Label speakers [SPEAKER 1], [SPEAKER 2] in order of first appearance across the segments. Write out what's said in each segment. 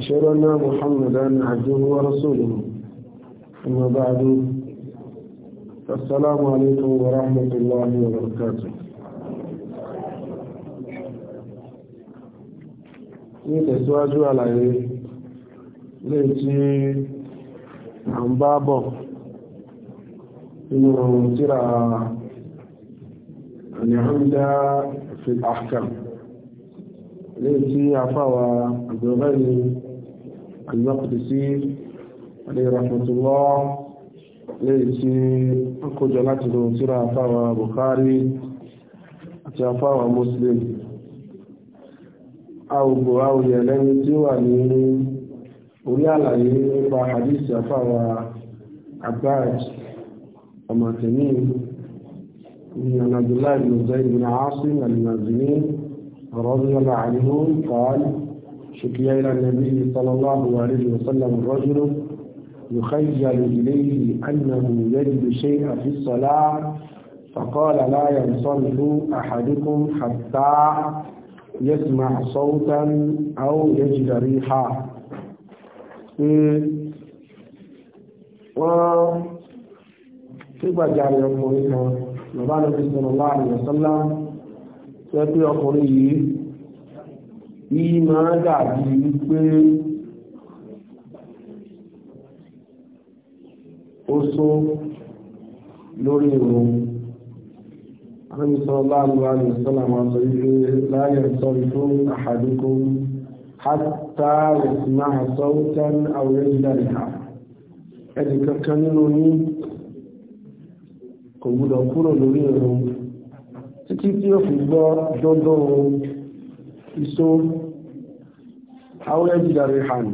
[SPEAKER 1] وأشهد أن محمدا عبده ورسوله أما بعد السلام عليكم ورحمة الله وبركاته ní ìtẹ̀síwájú àlàyé lè tí à ń bá bọ̀ nínú tíra àníhàndá fi àkàm lè tí afáwà àgbẹ̀rẹ̀ ni alimọ́kùtìsí alẹ́ rahmatulọ́ lẹ́yìn tí ó kójọ láti lọ síra àfáwà Bukhari àti àfáwà Muslim àwògbò àwòyẹ lẹ́yìn tí ó wà ní orí àlàyé nípa hadith àfáwà Abbad ọmọ tẹ̀mí من عبد الله بن زيد بن عاصم المازني شكي إلى النبي صلى الله عليه وسلم رجل يخيل إليه أنه يجد شيئا في الصلاة فقال لا ينصرف أحدكم حتى يسمع صوتا أو يجد ريحا wọ́n tígbàjáre ọkùnrin kan lọ́bá lọ́bí sọ́lọ́lá àríwọ̀sọ́lá tẹ́ pé yìí máa dàbí wípé ó só lórí ìrun àmìsọ láàrùwá ní sọ́làmà sọ wípé láyé sọ ìfún àhàdúkún hátà ìsinmá àsọ́wútán àwòrán ìdàríkà ẹni kankan nínú ní kò gbúdọ̀ kúrò lórí ìrun títí tí ó fi gbọ́ dọ́dọ́ ohun Iso àwọn ẹ̀jìdàrí hàn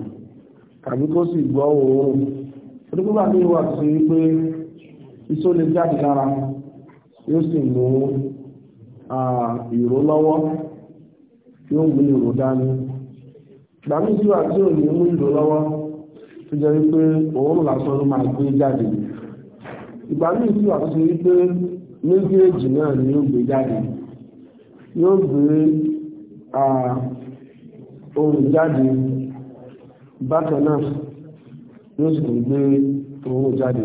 [SPEAKER 1] tàbí kó sì gbọ́ òórùn onígbọ́gbà ní ìwà tó ṣe pé ìso lè jáde lára yóò sì mú ìró lọ́wọ́ yóò mú ìró dání ìgbà tí ò ní mú ìró lọ́wọ́ tó jẹ́ wípé òórùn lásán ló máa gbé jáde ìgbà mí síwà tó ṣe méjèèjì náà ni ohun jáde bákan náà yóò sì tún gbé ohun jáde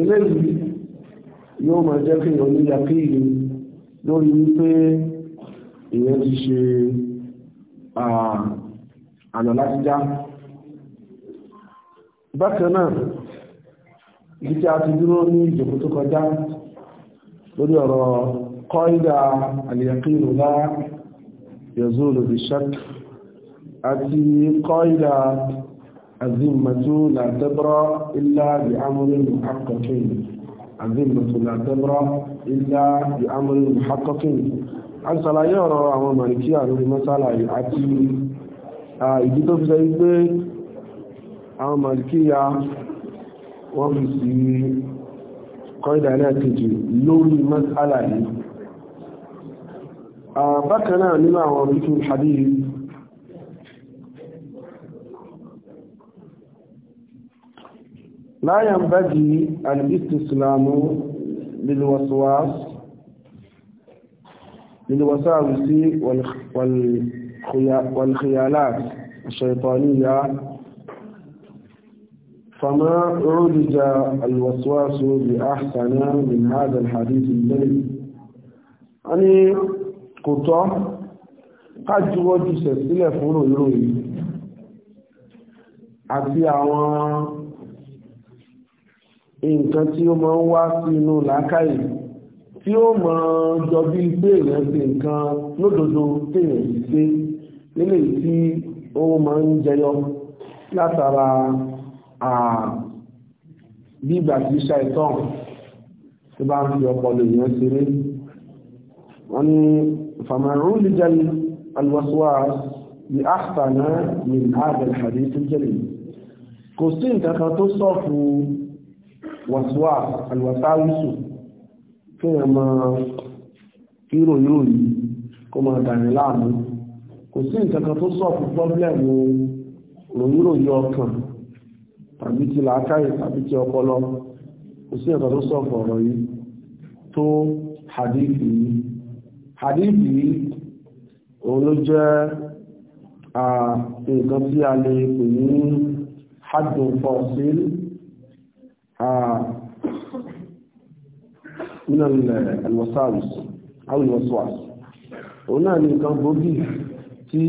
[SPEAKER 1] eléyìí yóò máa jẹ́ kí èèyàn níyà kí èèyàn lórí wípé èèyàn ti ṣe àná láti já bákan náà ibi tí a ti dúró ní ìjòkó tó kọjá lórí ọ̀rọ̀ kọ́ ìdá àlèyàkí ìrọ̀lá يزول بالشك أتي قائل الذمة لا تبرى إلا بأمر محقق الذمة لا تبرى إلا بأمر محقق عن صلاة يرى أمام مالكية لórí مسألة àti ìdí tó fi sẹ́yí pé àwọn màlìkíyà wọ́n fi sí kọ́ìdà ẹlẹ́ẹ̀kejì lórí masala yìí bákan آه، لما هو àwọn الحديث لا ينبغي الاستسلام للوسواس للوساوس والخيالات الشيطانية فما عرج الوسواس بأحسن من هذا الحديث الذي أني يعني kò tọ́ ká juwọ́ jùsẹ̀ sílẹ̀ fún ròyìnrò yìí àti àwọn nǹkan tí ó máa ń wá sí inú làákàyè tí ó máa jọ bí pé èèyàn ti nǹkan lódodo téèyàn yìí ṣe nílé tí ó máa ń jẹyọ látara bí ìgbà tí ṣàìtàn tó bá ń fi ọpọlọ èèyàn ṣeré wọ́n ní فمن عولج الوسواس بأحسن من هذا الحديث الجليل kò sí nǹkan kan tó sọ́ọ̀fù wàsíwà alwàsáwísù kí èèyàn máa kírò yóò yìí kó máa dàní láàmú kò sí nǹkan kan tó sọ́ọ̀fù pọ́blẹ́mù ròyìnròyìn ọkàn tàbí ti làákàyè tàbí ti ọpọlọ kò sí nǹkan tó sọ́ọ̀fù ọ̀rọ̀ yìí tó hadithi yìí hadithi òun ló jẹ́ nǹkan tí a lè pè ní hadun fọ́síl nínú alwasaus àwọn ìwọ̀sọ́s òun náà ni nǹkan gbòógì tí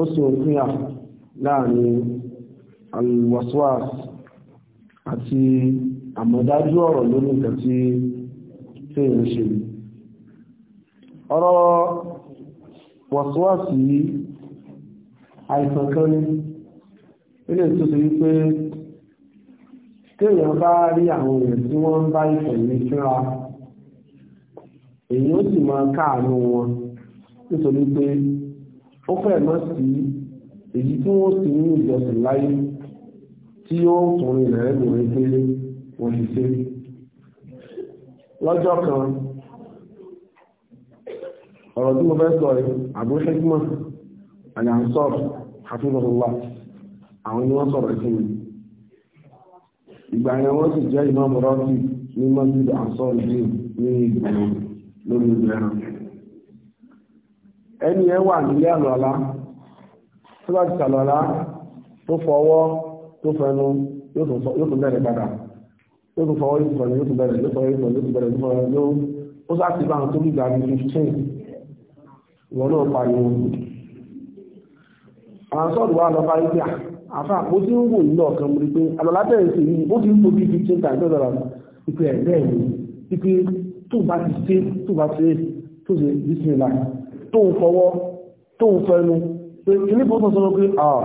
[SPEAKER 1] ó sì òfin à láàrin alwasaus àti àmọ̀dájú ọ̀rọ̀ lórí nǹkan tí tí èèyàn ṣe yìí ọ̀rọ̀ wọ̀síwọ̀sí àìsàn kan ní ilé tó ti wípé téèyàn bá rí àwọn èèyàn tí wọ́n ń bá ìfẹ̀ síra èyí ó sì máa káàánú wọn nítorí pé ó fẹ́ mọ́ sí èyí tí wọ́n sì ní ìjọsìn láyé tí ó ń tún ilẹ̀ ẹ̀mùrẹ́ pé òṣìṣẹ́ lọ́jọ́ kan ọ̀rọ̀ tí mo fẹ́ sọ rẹ̀ Abu Hikma al-Ansar hafizahullah àwọn ni wọ́n sọ̀rọ̀ sí mi ìgbà yẹn wọ́n sì jẹ́ Imam Ratib ní masjid Ansar ní ní ìgbìmọ̀
[SPEAKER 2] lórí ìgbìmọ̀
[SPEAKER 1] ẹni ẹ wà nílé àlọ́lá tó bá ti sàlọ́lá tó fọwọ́ tó fẹnu yóò tún bẹ̀rẹ̀ padà yóò tún fọwọ́ yóò tún fẹnu yóò tún bẹ̀rẹ̀ yóò tún bẹ̀rẹ̀ yóò tún bẹ̀rẹ̀ yóò tún bẹ̀rẹ̀ yóò ó sá ti bá àwọn tó bí ìgbà mi fifteen ìwọ pariwo àwọn sọ́ọ̀dù wa lọ bá ń gbà àfà mo ń wò nínú ọ̀kan mo pé àlọ́lá bẹ̀rẹ̀ sí ó ti ń tóbi fifteen times lọ́dọ̀ rà ìpè ẹ̀ bẹ́ẹ̀ ìpè tó bá ti ṣe tó bá ṣe tó ṣe bísímìlà tó ń fọwọ́ tó ń fẹnu pé ilé ìfowópamọ́ sọ pé ah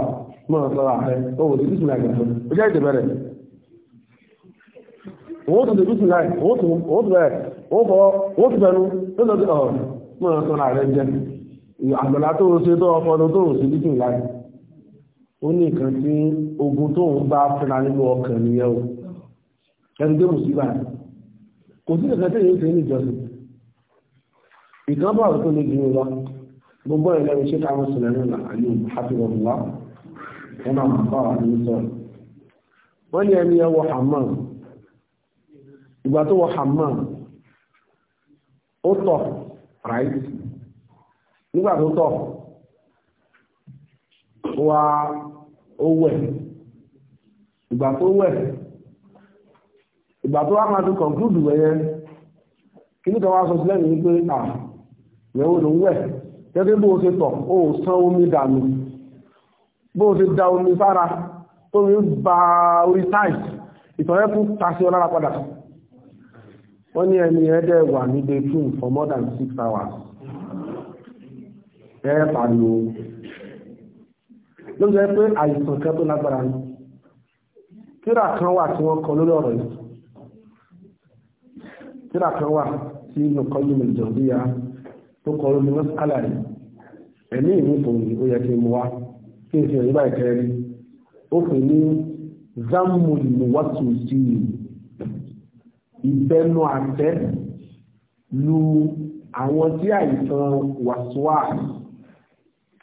[SPEAKER 1] mọ̀ sọ́ra ẹ̀ ó wò sí bísímìlà gẹ̀ẹ́sọ̀ ó jẹ́ ìdẹ̀bẹ̀rẹ̀ òun tó débí sílẹ̀ òun tó bẹ̀rẹ̀ òun fọwọ́ òun tó fẹnu ó lọ sí ọ̀ àgbàlá tó ṣe tó ọpọlọ tó ṣe dídùn láì ó ní nǹkan tí ogun tó ń bá fúnra nínú ọkàn nìyẹn o ẹni tó kù sí báyìí kò sí nǹkan tí èyí ń ṣe ní ìjọsìn ìkan bá òkú ní jùlọ lọ gbogbo ẹ̀ lẹ́nu káwọn sílẹ̀ nínú àlè àfihàn ọ̀la wọn máa bá wà ní sọ̀rọ̀ wọ́n ní ẹni ẹwọ hammam ìgbà tó wọ hammam ó tọ̀ right nígbà tó tọ̀ wá ó ìgbà tó wẹ̀ ìgbà tó wá máa ti kọ̀ǹkúrùdù wẹ̀yẹ kí ní kan wá ní pé à ìyẹ̀wò ló ń wẹ̀ gẹ́gẹ́ bó o ṣe tọ̀ omi dànù bó o ṣe da omi sára tó mi ba orí táìsì ìtọ̀rẹ́ tún ta sí ọ lára padà wọ́n ní ẹni ẹ̀ẹ́dẹ̀ ní for more than six hours ẹ pàlò ló jẹ́ pé àìsàn kan tó lágbára ní tíra kan wà tí wọ́n kọ lórí ọ̀rọ̀ yìí tíra kan wà tí inú kọ́ yìí mẹ́jọ bí ya tó kọ lórí mọ́sálà rẹ̀ ẹ̀mí ìlú tòun ó yẹ kí n mú wa kí n fi òyìnbá báyìí kẹrin ó pè ní zammu ìmúwàtú sí ìbẹnu àtẹ lu àwọn tí àìsàn wàsíwáàsì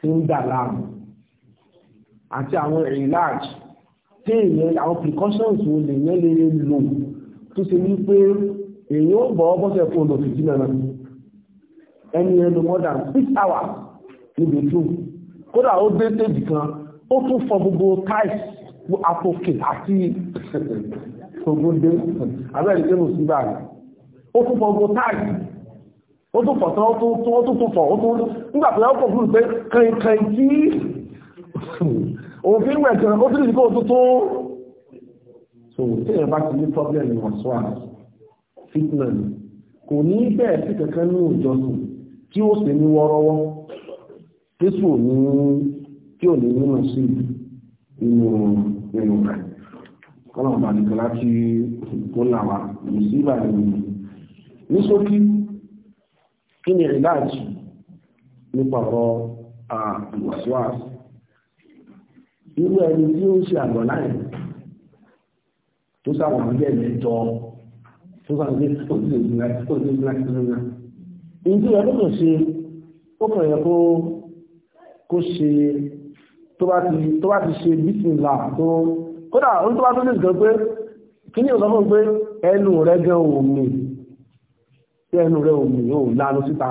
[SPEAKER 1] tí ń dà láàmù àti àwọn relax tí èèyàn àwọn precautions wo lèèyàn lè lò tó ṣe wípé èèyàn ó bọ̀ bọ́sẹ̀ fún olùfì sí mẹ́rin ẹni ẹnu more than six hours níbi tún kódà ó dé tèbì kan ó tún fọ gbogbo tiles àpòkè àti gbogbo dé abẹ́rẹ́ ìgbéhùn sígbà rẹ̀ ó tún fọ gbogbo tiles ó tún fọ̀ tán ó tún tún fọ̀ ó tún nígbà tó ó kò fún pé kankan tí òun fi ń wẹ̀ kan ó tún lè kó tó tó so tí èèyàn bá ti ní problem wọn sọ àná fitna kò ní bẹ́ẹ̀ sí kankan ní ìjọsìn tí ó sì ní wọ́rọ́wọ́ jésù ní tí ò ní nínú sí inú inú rẹ̀ kọ́nà ọ̀bàdìkan láti kó làwà mùsíbà ní ní ṣókí kí ni ìlàjì nípa ọ̀rọ̀ àwàsíwàsí irú ẹni tí ó ń ṣe àgbọ̀ láì tó sáwọn ọmọdé mẹ́jọ tó sáwọn ọmọdé òṣèlú ìgbìlá òṣèlú ìgbìlá ìgbìlá ìdí ọdún kò ṣe ó kàn yẹ kó ṣe tó bá ti ṣe bísìnlá tó kódà ó tó bá tó lè gan pé kí ni ìsọfún pé ẹnu rẹ gan òun ni tí ẹnu rẹ̀ òmì ò lánú síta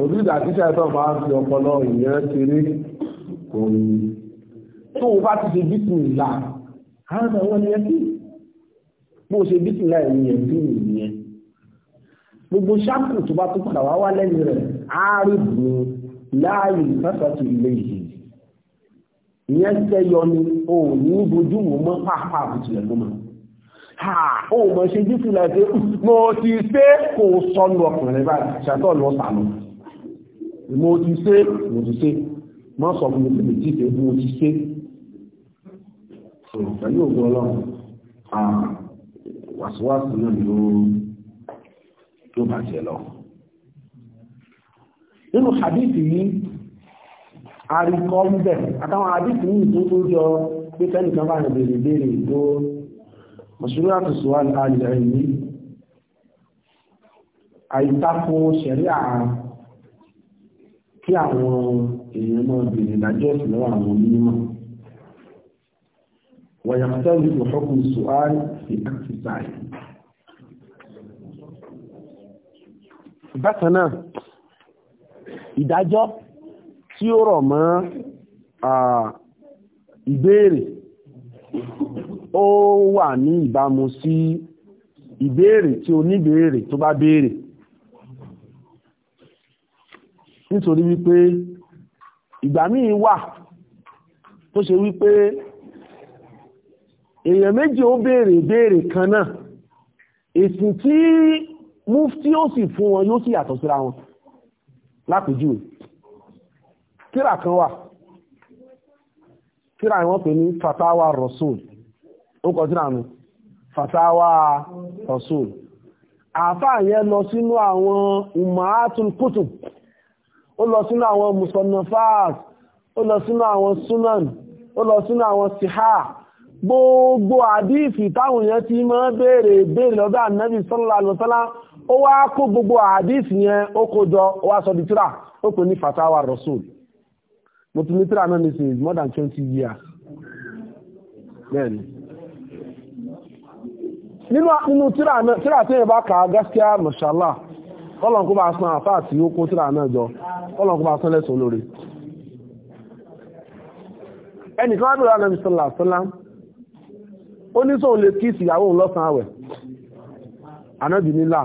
[SPEAKER 2] òbí ìdàkíṣà
[SPEAKER 1] ẹ̀tọ́ máa fi ọpọlọ ìyẹn kéré kò tó o bá ti ṣe bísí ìlà àwọn àwọn ẹni ẹ̀kí bó ṣe bísí ìlà ẹ̀yìn ẹ̀kí ìyẹn gbogbo ṣáàpù tó bá tó padà wá wá lẹ́yìn rẹ̀ áàrùn láàyè ìfẹ́fẹ́ tó ilé yìí ìyẹn sẹ́yọ ni o ò ní bojú wò mọ́ pàápàá àbùtìlẹ̀ ló mọ́ o mọ̀ ṣe jísù láti mo ti ṣe kò sọnù ọkùnrin báyìí ṣàtọ̀ lọ sànù mo ti ṣe mo ti ṣe mọ́ sọ fún mi pé mi ti ṣe mo ti ṣe
[SPEAKER 2] pẹ̀lú ògùn ọlọ́run wàsíwàsí
[SPEAKER 1] náà ló tó bàjẹ́ hadithi yìí àríkọ́ ń bẹ̀ àtàwọn àdìsí ní ìtún tó jọ pé tẹ́nìkan bá rẹ̀ bèèrè bèèrè tó mọ̀ṣúrú àtùsùwà alẹ́ ìní àìtakò ṣẹ̀rí àà kí àwọn èèyàn náà bèèrè ìdájọ́ sí lọ́wọ́ àwọn onímọ̀ wọ̀yàmọ́tẹ́lì ìfọ̀fọ́kù sùwárì sí àtìsáì bákan náà ìdájọ́ tí ó rọ̀ mọ́ ìbéèrè ó wà ní ìbámu sí ìbéèrè tí oníbéèrè tó bá béèrè nítorí wípé ìgbà míì wà tó ṣe wípé èèyàn méjì ó béèrè ìbéèrè kan náà èsì tí mufti ó sì fún wọn yóò sì yàtọ̀ síra wọn lápèjúwe tíra kan wà tíra wọ́n pè ní fatawa rasul ó kọ tíra nù fatawa rasul àfáà yẹn lọ sínú àwọn umahatul kutub ó lọ sínú àwọn musonafat ó lọ sínú àwọn sunan ó lọ sínú àwọn siha gbogbo àdífì táwọn yẹn ti máa béèrè béèrè lọ́dọ̀ ànábì sallallahu alaihi wasallam ó wá kó gbogbo àdífì yẹn ó kó jọ wá sọ di tíra ó pè ní fatawa rasul mo ti ní tíra náà ní more than twenty years Then, nínú nínú tíra náà tíra tí èèyàn bá kà á gaskiya mashallah kọ́lọ̀ kó bá san àfa àti okó tíra náà jọ kọ́lọ̀ kó bá san lẹ́sùn lórí. ẹnìkan wá dúró ànábi sọlá sọlá ó ní sóun lè kí ìsìyàwó òun lọ́sàn-án àwẹ̀ ànábi nílà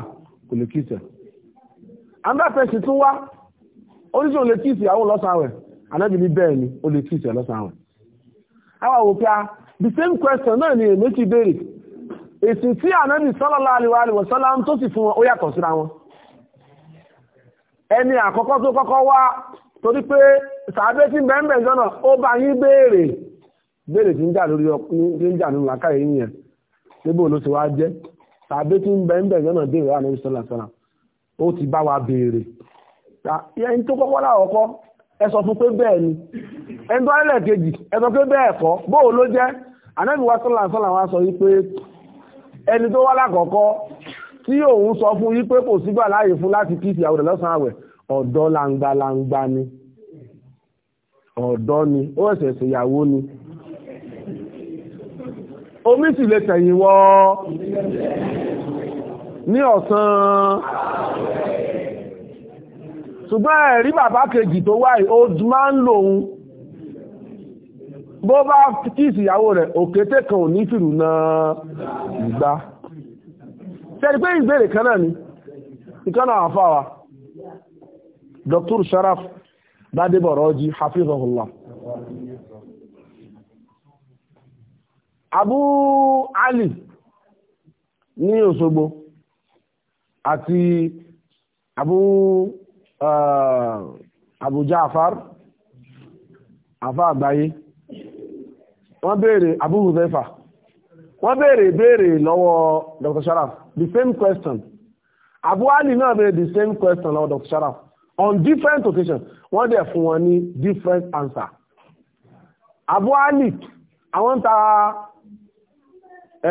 [SPEAKER 1] kò lè kí ìsẹ̀. anábì ní bẹ́ẹ̀ ni o lè kí ìṣẹ̀ lọ́sàn àwẹ̀ àwa wò pé a the same question náà ni èmi bere. béèrè èsì tí anábì sallallahu alaihi wa sallam tó sì fún wọn ó yàtọ̀ síra wọn ẹni àkọ́kọ́ tó kọ́kọ́ wá torí pé sàbẹ́ tí bẹ́ẹ̀ jọ́nà ó bá yín béèrè béèrè tí ń jà lórí ọkùnrin tí ń jà nínú àkáyé yín yẹn níbo ló ti wá jẹ́ sàbẹ́ tí bẹ́ẹ̀ jọ́nà béèrè wà níbi sọ́là sọ́là ó ti bá wa ẹni tó kọ́kọ́ ẹ sọ fún pé bẹ́ẹ̀ ni ẹni tó alẹ́ kejì ẹ sọ pé bẹ́ẹ̀ kọ́ bóò ló jẹ́ ànábì wa sọ́là sọ́là wa sọ wípé ẹni tó wá lákọ̀ọ́kọ́ tí òun sọ fún wípé kò sígbà láàyè fún láti kí ìyàwó rẹ̀ lọ́sàn-án àwẹ̀ ọ̀dọ́ langbalangba ni ọ̀dọ́ ni ó ẹ̀sẹ̀ ṣèyàwó ni omi sì lè tẹ̀yìn wọ́ ní ọ̀sán ṣùgbọ́n ẹ̀rí bàbá kejì tó wáyé old man lòun bó bá kíìsì ìyàwó rẹ̀ òkété kan ò ní fìrù náà ìgbà tẹ́rí pé ìbéèrè kan náà ni ìkánà àfáwà Dr. Sharaf Gbadebọ̀rọ̀jí hafizahullah Abu Ali ní Òṣogbo àti Abu Ah, Abu Ja'far àfá àgbáyé wọ́n béèrè Abu Huzaifa wọ́n béèrè béèrè lọ́wọ́ Dr. Sharaf the same question Abu Ali náà béèrè the same question lọ́wọ́ Dr. Sharaf on different occasions wọ́n dẹ̀ fún wọn ní different answer Abu Ali àwọn ta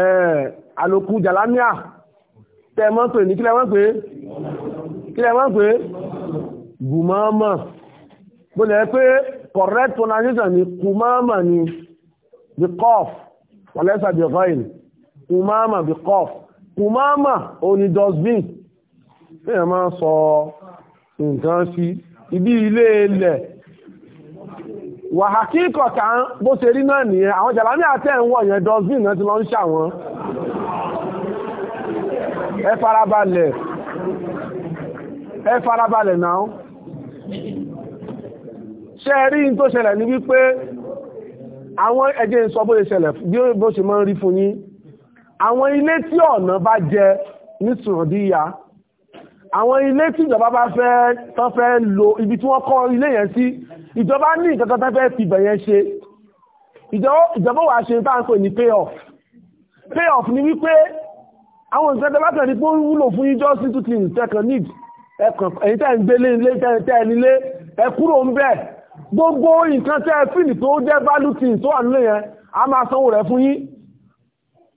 [SPEAKER 1] eh, àlòkù jalania tẹ̀ mọ́ pé ní kílẹ̀ wọ́n pé kílẹ̀ wọ́n pé gùmáàmà bó lẹ́ pé correct pronunciation ni kùmáàmà ni the cough wàlẹ́sà the oil kùmáàmà the cough kùmáàmà òní dustbin èèyàn máa sọ nǹkan sí ibi ilé ilẹ̀ wàhàkí kọ̀ọ̀ká bó ṣe rí náà nìyẹn àwọn jàlámì àtẹ́ ń wọ̀ yẹn dustbin náà ti lọ ń ṣàwọn ẹ farabalẹ̀ ẹ farabalẹ̀ náà
[SPEAKER 2] ṣe
[SPEAKER 1] rí n tó ṣẹlẹ̀ ní wípé àwọn ẹjẹ́ ń sọ bó ṣe ṣẹlẹ̀ bí ó ṣe máa ń rí fún yín àwọn ilé tí ọ̀nà bá jẹ ní sùrọ̀díyà àwọn ilé tí ìjọba bá fẹ́ tán fẹ́ lo ibi tí wọ́n kọ́ ilé yẹn sí ìjọba ní ìkankan tán fẹ́ fi bẹ̀yẹn ṣe ìjọba wà ṣe tá ń pè ní pay off pay off ni wípé àwọn ìṣẹ́jọba tẹ̀lé pé ó wúlò fún yín just little things second need ẹkàn ẹ̀yìn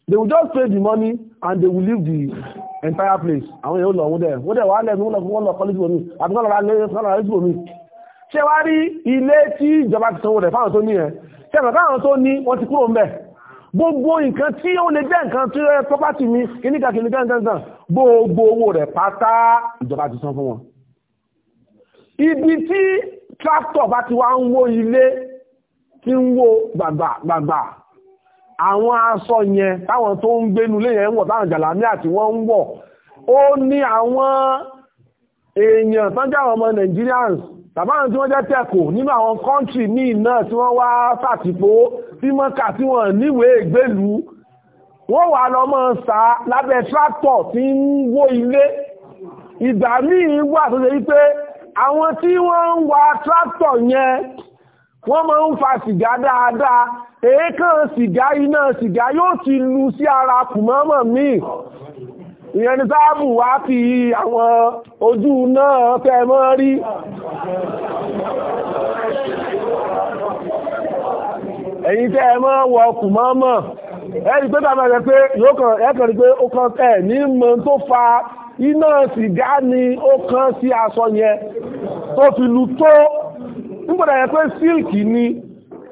[SPEAKER 1] they will just pay the money and they will leave the entire place àwọn èèyàn lọ dẹ̀ wọ́n dẹ̀ wà lẹ́nu wọ́n lọ kọ́lẹ́jì bòmí àbí wọ́n lọ ra lẹ́jì bòmí ṣé wá rí ilé tí ìjọba ti sanwó rẹ̀ fáwọn tó ní yẹn ṣé àwọn tó ní wọ́n ti kúrò ń bẹ̀ gbogbo nǹkan tí ó lè jẹ́ nǹkan tí ó yẹ property mi kìníkà kìníkà nǹkan gbogbo owó rẹ̀ pátá ìjọba ti san fún wọn ibi tí tractor bá ti wá ń wó ilé tí ń wó gbàgbà gbàgbà àwọn aṣọ yẹn táwọn tó ń gbénu lé yẹn ń wọ̀ táwọn jàlámí àti wọ́n ń wọ̀ ó ní àwọn èèyàn tán jáwọn ọmọ Nigerians tàbá àwọn tí wọ́n jẹ́ tẹ̀kù nínú àwọn kọ́ńtì míì náà tí wọ́n wá fàtìpó tí mọ́kà tí wọ́n níwèé ìgbélú wọ́n wà lọ mọ́ sá lábẹ́ tractor tí ń wó ilé ìgbà míì wà tó ṣe wípé àwọn tí wọ́n ń wa tractor yẹn wọ́n máa ń fa sìgá dáadáa èékán sìgá iná sìgá yóò ti lu sí ara kùmọ́mọ́ míì ìyẹn ni sáàbù wá fi àwọn ojú náà fẹ́ mọ́ rí ẹ̀yìn tẹ́ ẹ mọ́ wọ kù mọ́ mọ́ ẹ̀rí pé tàbí pé yóò kàn rí pé ó kàn ẹ̀ ní mọ́ tó fa iná sìgá ni ó kàn sí aṣọ yẹn tó fi lu tó nígbàdà yẹn pé sílìkì ni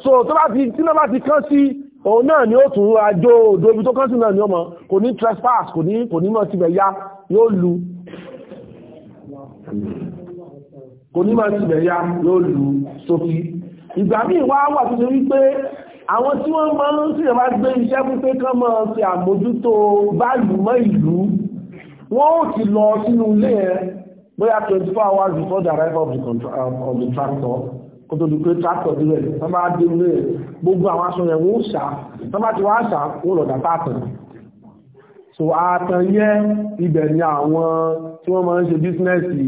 [SPEAKER 1] so tó bá ti tí náà bá ti kàn sí òun náà ni ó tún àjò òdòbi tó kàn sí náà ni ó kò ní trespass kò ní kò ní mọ̀ tibẹ̀ ya yóò lu kò ní mọ̀ tibẹ̀ ya yóò lu sókí ìgbà míì wá wà tó ṣe wípé àwọn tí wọ́n máa ń sì máa gbé iṣẹ́ pípé kán máa fi àmójútó báàlù mọ́ ìlú wọ́n ò ti lọ sínú ilé ẹ̀ bóyá 24 hours before the arrival of the, um, of the tractor kó tó di pé tractor dúró ẹ̀ tán bá dé ilé ẹ̀ gbogbo àwọn aṣọ yẹn wọ́n ṣá tán bá ti wá ṣá wọ́n lọ̀dà pàtàkì so àtànyẹ ibẹ̀ ni àwọn tí wọ́n máa ń ṣe bísínẹ́sì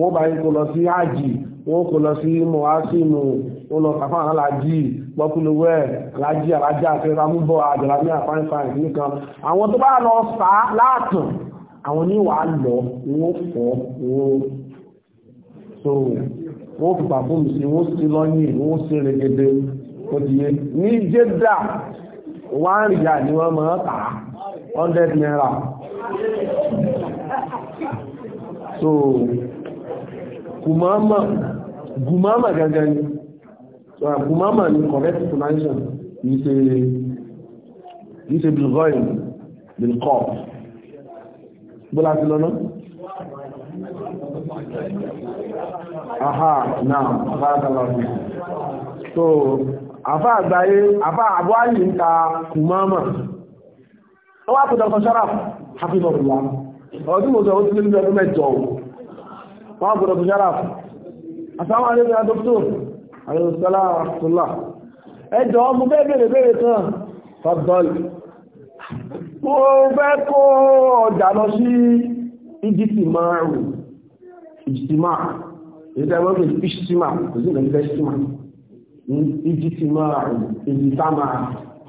[SPEAKER 1] wọ́n bá yín kó lọ sí àjì wọ́n kó lọ sí mọ̀ásìmù wọ́n lọ kàfà alájì gbọ́kúlówẹ́ alájì alájà àfẹ́ra múbọ̀ àjọ̀lámí àfáìfáì nìkan àwọn tó bá lọ sá látàn àwọn ní wàá lọ wọ́n fọ́ wọ́n so wọ́n fi pàfóòmù sí wọ́n sí lọ́yìn wọ́n sí rẹ̀gẹ̀dẹ̀ òdìyẹ ní jẹ́dà wọ́n á rìyà ni wọ́n máa tàá hundred naira so kùmáàmà gùmáàmà gangan ni so kùmáàmà ni correct pronunciation yìí say, yìí ṣe bilgoin bilkop bọ́lá sí lọ́nà
[SPEAKER 2] aha náà bá dáláwọ̀
[SPEAKER 1] so àfá àgbáyé àfá àbúwáyìí ń ta kùmáàmà wọ́n á pè dr sharaf happy birthday wa ọdún mo sọ ó ti lé níbi ọdún mẹ́jọ wọ́n á pè dr sharaf asáwọn alẹ́ ìyá dr alẹ́sọ́lá àtúnlá ẹjọ́ mo fẹ́ bèèrè bèèrè kan fọ́dọ́lì mo fẹ́ kó ọjà lọ sí ìjìtìmá rù ìjìtìmá ìjìtìmá rù ìjìtìmá kò sí ìjìtìmá ìjìtìmá ìjìtìmá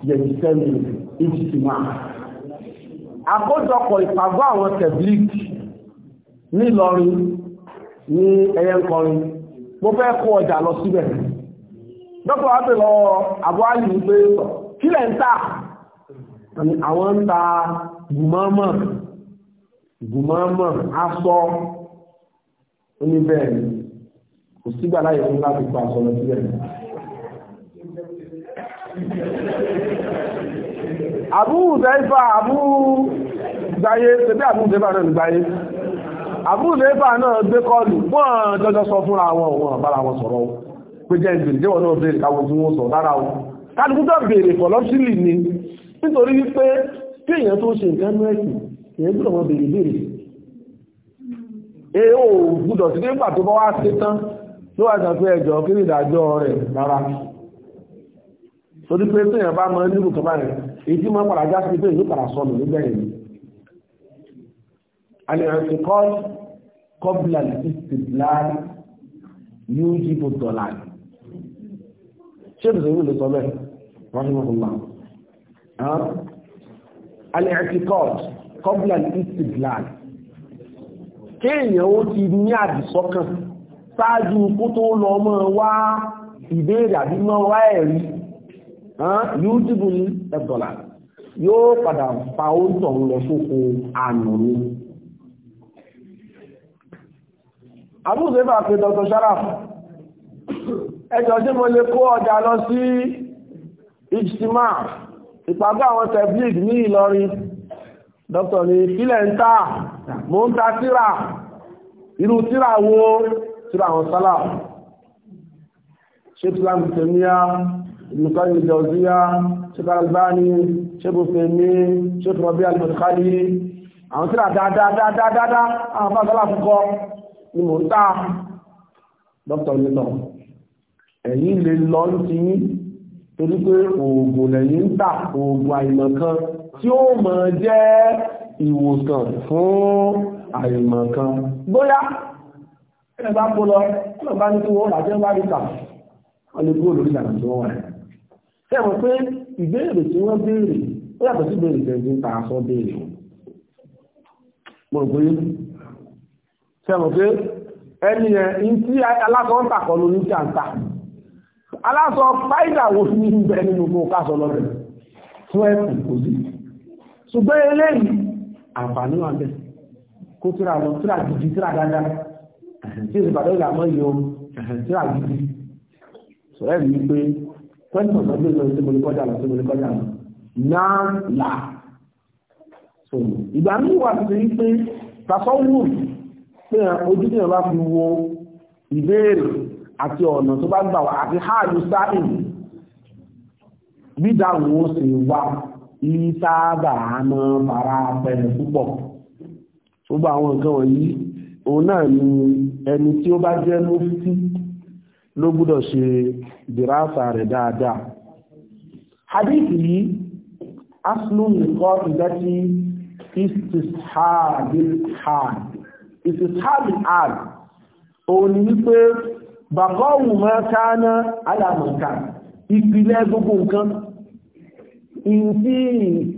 [SPEAKER 1] ìjìtìmá ìjìtìmá àkójọpọ̀ ìpàgọ́ àwọn tẹ̀blík nílọrin ní ẹyẹnkọrin mo fẹ́ kó ọjà lọ síbẹ̀ dọ́pọ̀ wá pè lọ́wọ́ àbọ̀ ayì wípé kílẹ̀ ń tà àwọn ń ta gùmọ́mọ̀ gùmọ́mọ̀ aṣọ oníbẹ̀ kò sígbà láyé fún láti pa aṣọ lọ síbẹ̀ àbúrò tẹ́fà àbúrò gbáyé tẹ́bí àbúrúdébà náà gbáyé àbúrúdébà náà gbé kọlù wọ́n jọjọ sọ fúnra wọn wọn bára wọn sọ̀rọ̀ pé jẹ́ ìbèrè jẹ́wọ̀n náà bèèrè káwọn tí wọ́n sọ lára wọn kálukú tó bèèrè fọ̀lọ́sílì ni nítorí wípé kí èèyàn tó ṣe nǹkan mẹ́rin èèyàn gbọ́dọ̀ wọn bèèrè bèèrè e ò gbọ́dọ̀ sí nígbà tó bá wá sí tán ló wà sàn pé ẹjọ́ kí ní ìdájọ́ rẹ̀ rárá torí pé tí èèyàn bá mọ nílùú tó bá èyí tí máa ń padà já sí pé ìlú padà sọnù nígbẹ̀yìn al-i'tiqad qabla al-istidlal yujibu ad-dalal ṣé ìbùsùn ìlú sọ bẹ́ẹ̀ rahimahullah al-i'tiqad qabla al-istidlal kéèyàn ó ti ní àdìsọ́kàn ṣáájú kó tó lọ mọ́ wá ìbéèrè àbí mọ́ wá ẹ̀rí yóò dìbò ní ẹ̀dọ̀là yóò padà fa oúnjẹ òun lọ sóko ànà ni àbúrò bá pè dr sharaf ẹjọ́ tí mo lè kó ọjà lọ sí ijtima ìpàgọ́ àwọn teblig ní ìlọrin dr ní ìpínlẹ̀ ń tà mo ń ta síra irú síra wo síra àwọn sálà ṣé tí láti tèmíyá ìmùkọ́ni ìjọ̀ọ́síyá ṣé tí albani ṣé tí fèmí ṣé tí rọ̀bí alimọ̀tíkálí àwọn síra dáadáa dáadáa dáadáa àwọn bá sálà fúkọ́ ni mò ń tà dókítà onítọ̀ ẹ̀yin lè lọ ń ti yín torí pé oògùn lẹ́yìn ń tà oògùn àìmọ̀ kan tí ó mọ̀ jẹ́ ìwòsàn fún àìmọ̀ kan bóyá ẹ bá kó lọ ẹ bá ní kí wọ́n rà jẹ́ bá rí tà wọ́n lè kúrò lórí ìlànà tí wọ́n wà rẹ̀ mọ̀ pé ìbéèrè tí wọ́n béèrè ó yàtọ̀ sí ìbéèrè tẹ̀sí ta aṣọ béèrè mo rò pé sẹ́mọ̀ pé ẹni ẹ̀ ń tí aláṣọ ń tàkọ́ ló ní jàǹtà aláṣọ fáìdà wo ní ibẹ̀ nínú kó káṣọ lọ́bẹ̀ fún ẹ̀sìn kò sí ṣùgbọ́n eléyìí àǹfààní wà bẹ́ẹ̀ kó tíra lọ tíra gidi tíra dáadáa tí ìbàdàn ìlànà yìí o tíra gidi sọ̀rọ̀ mi pé pẹ́ntọ̀ sọ́gbé lọ sí mọ̀lẹ́kọ́jà lọ sí mọ̀lẹ́kọ́jà lọ náà là ìgbà míì wà sí pé tàṣọ́wùrù pé ojú tí wọ́n bá fi wo ìbéèrè àti ọ̀nà tó bá gbà wá àti háàlù sáì gbídáhùn ó sì wà ní sáábà àmọ́ fara pẹ̀lú púpọ̀ gbogbo àwọn nǹkan wọ̀nyí òun náà ni ẹni tí ó bá jẹ́ mufti ló gbúdọ̀ ṣe dìrásà rẹ̀ dáadáa hadith yìí aslun nìkọ́ ìdájí istishabil hajj is ìsìsáàbì àn òun ni wípé bàkọ́ọ̀mù mẹ́ta ná alàmọ̀ká ìpìlẹ̀ gbogbo nǹkan ìdí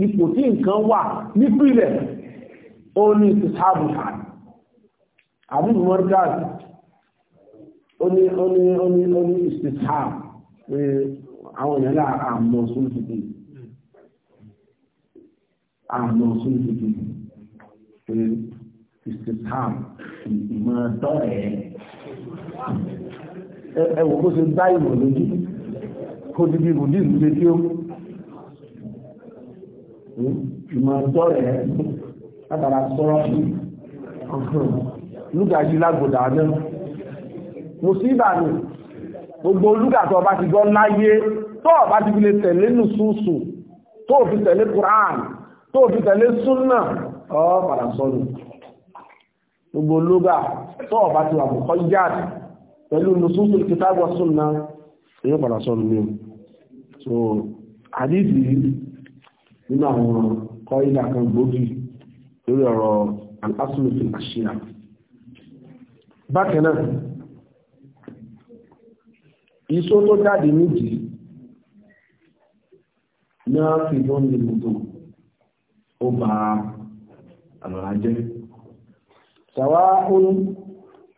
[SPEAKER 1] ipò tí nǹkan wà nípìlẹ̀ òun ni ìsìsáàbì àn àbí mọ́rgán ó ní ó ní ó ní ó ní ìsìsáàbì pé àwọn èèyàn náà àmọ́ sórí ti dìí àmọ́ sórí ti dìí istisam ìmọ̀ dọ́rẹ̀ ẹ wò kó ṣe dá ìmọ̀ lójú kó ti bí ìrùdí ìlú lé tí ó hm? ìmọ̀ dọ́rẹ̀ látara sọ́rọ́ lúgà yìí lágbòdà náà mo sí ìbànú gbogbo lúgà tó ọba ti gbọ́ láyé tó ọba ti fi lè tẹ̀lé nùsùsù tó fi tẹ̀lé Qur'an tó fi tẹ̀lé súnnà ọ padà sọ́nù gbogbo lóga tọ́ọ̀ bá ti wà bùkọ́ yáàd pẹ̀lú nususu kìtàgbà súnna èyí padà sọ́nù ní so àdìsí nínú àwọn kọ́ ilé kan gbòógì lórí ọ̀rọ̀ alásùlùfì àṣíyà bákan náà iṣó tó jáde méjì náà fi lọ́nà ìlú tó ó bá àlọ́ra jẹ́ sàwáhùn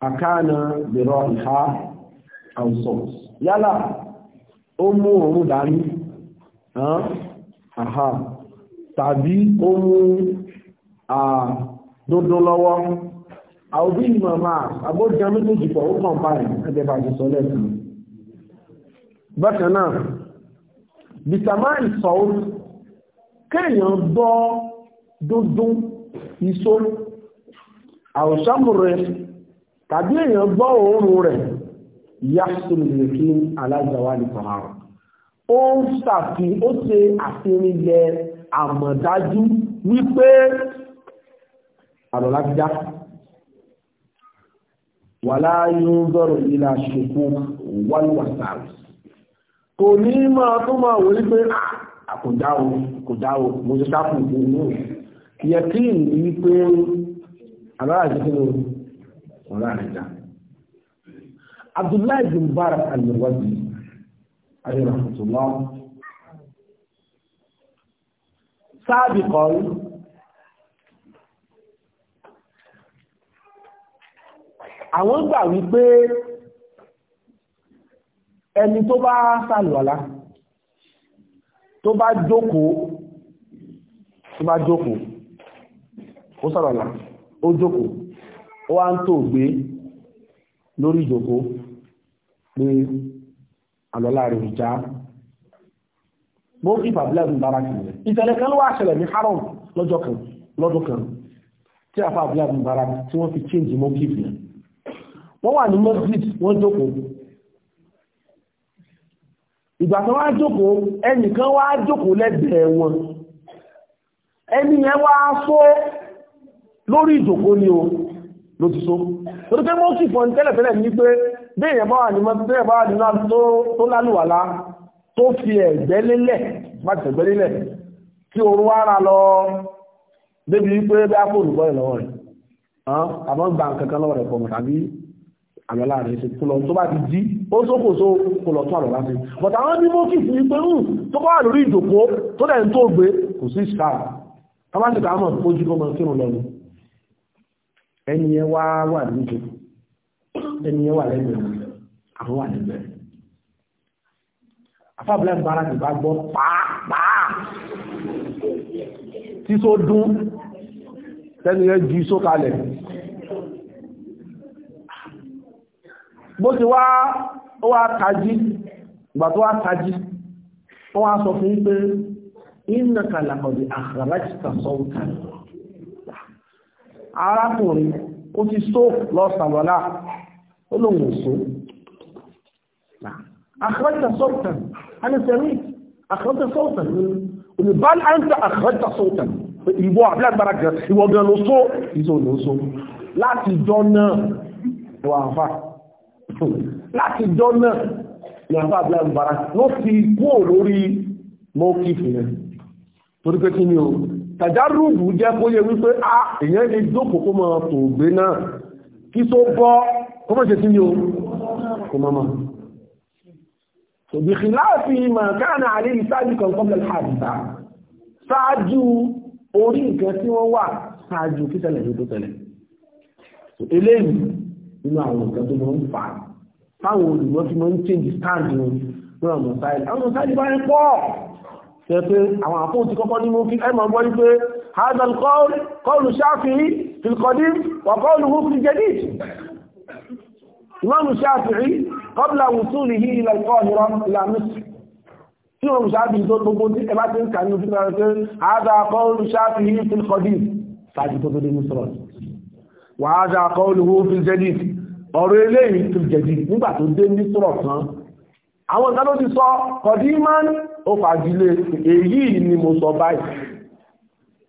[SPEAKER 1] àkáàna bẹ̀rọ ìhá àwùsọ̀ yálà ó mú òun dání àhá tàbí ó mú àdódó lọ́wọ́ àwòbí ìmọ̀ máa àbójá méjèèjì pọ̀ ó kàn báyìí ẹgbẹ̀bà ti sọ lẹ́sìn bákan náà bìtàmá ìsọ̀ọ́ kéèyàn gbọ́ dúndún ìṣó àwòṣàkùnrin tàbí èèyàn gbọ́ òórùn rẹ̀ yásùn lèkí alájàwá ní pàrọ̀ ó ń ṣàfi ó ṣe àfihànilẹ̀ àmọ̀dájú wípé àlọ́lájá wà láàáyún zọ́rọ̀ ìlà ṣòkó wálùwàsàrì kò ní máa tó máa wò wípé àkòdáwò kòdáwò mo ṣe sáfù ìpínlẹ̀ yẹ kí ìwé pé àbára àti kíni ọ̀rọ̀ àrẹ̀dá abdullahi bin barak al-marwazi alayhi rahmatullah sabiqan àwọn gbà wípé ẹni tó bá sàlùwàlá tó bá jókòó tó bá jókòó ó sàlùwàlá ó jókòó ó wá ń tò gbé lórí ìjókòó pé àlọ́lá rẹ̀ ìjá bó ìfà bílẹ̀ ń bára kì rẹ̀ ìtẹ̀lẹ̀ kan wá ṣẹlẹ̀ ní haram lọ́jọ́ kan lọ́dún kan tí àfà bílẹ̀ ń bára tí wọ́n fi change mọ́ kí fìyà wọ́n wà ní mosjid wọ́n jókòó ìgbà kan wá jókòó ẹnìkan wá jókòó lẹ́gbẹ̀ẹ́ wọn ẹni yẹn wá sọ lórí ìjòkó ni o ló ti sọ torí pé mọ́sí fọ́n tẹ́lẹ̀tẹ́lẹ̀ ní pé béèyàn bá wà ní mọ́sílẹ̀ bá wà ní náà tó lálùwàlá tó fi ẹ̀gbẹ́ lélẹ̀ bá ti ẹ̀gbẹ́ lélẹ̀ tí orú ara lọ débi wípé bí a fóònù bọ́ ìlọ́wọ́ rẹ̀ àmọ́ gba nǹkan kan lọ́wọ́ rẹ̀ pọ̀ tàbí àmì láàrin ṣe tó lọ tó bá ti jí ó sókòso kò lọ tún àlọ́ láti bọ̀tà àwọn ní mọ́kì sí pé ń hmm, tó bá wà lórí ìjòkó tó dẹ̀ ń tó gbé kò sí ìṣkáà ẹni yẹn wá wà níbi ẹni yẹn wà lẹ́gbẹ̀ẹ́ mi àwọn wà lẹ́gbẹ̀ẹ́ afábílẹ̀ ń bára ti bá gbọ́ pàápàá tí só dún tẹ́ni yẹn ju só kalẹ̀ bó ti wá ó wá tají ìgbà tó wá tají ó wá sọ fún pé ìnàkàlà ọ̀dẹ̀ àkàrà jìta sọ́wọ́ta arákùnrin ó ti só lọ́sàlọ́lá ó lòun ò só àkọ́jà sọ́ọ̀tàn anisẹ̀rí àkọ́jà sọ́ọ̀tàn ní olùbán àǹtà àkọ́jà sọ́ọ̀tàn ìwọ àbílágbára gẹ̀ẹ́ ìwọ gan ló só ìṣò ló só láti jọ náà wà fà láti jọ náà ìyàfà àbílágbára ló fi kúrò lórí mọ́kì fìyẹn torí pé kí ni o tàjárùbù jẹ́ kó yẹ wípé a ah, èyàn lè jókòó kó máa tò gbé náà kí tó bọ́ kó mọ́ ṣe tí ní o kó mọ́ mọ́ òbìkì láti ìmọ̀ káàna àrí ìsáàjì kọ̀ọ̀kọ́bẹ̀ àdìbà ṣáájú orí nǹkan tí wọ́n wà ṣáájú kí tẹ̀lẹ̀ tó tẹ̀lẹ̀ eléyìí nínú àwọn nǹkan tó máa ń fà táwọn olùmọ́ fi máa ń change stand wọn lọ́nà sáìlì àwọn sáìlì bá ń tẹ́ pé àwọn àfóhùn ti kọ́kọ́ ní mú kí ẹmọ̀ gbọ́ wípé hadal kọlù ṣáfìrí filkọdí wà kọlù hù fi jẹ́dì ìmọ̀mù ṣáfìrí kọ́bla wùsùlì hì ilẹ̀ kọ́ọ̀hìrọ̀ ìlàmísì tí wọ́n ṣáàbì tó gbogbo ó fagilé èyí ni mo sọ báyìí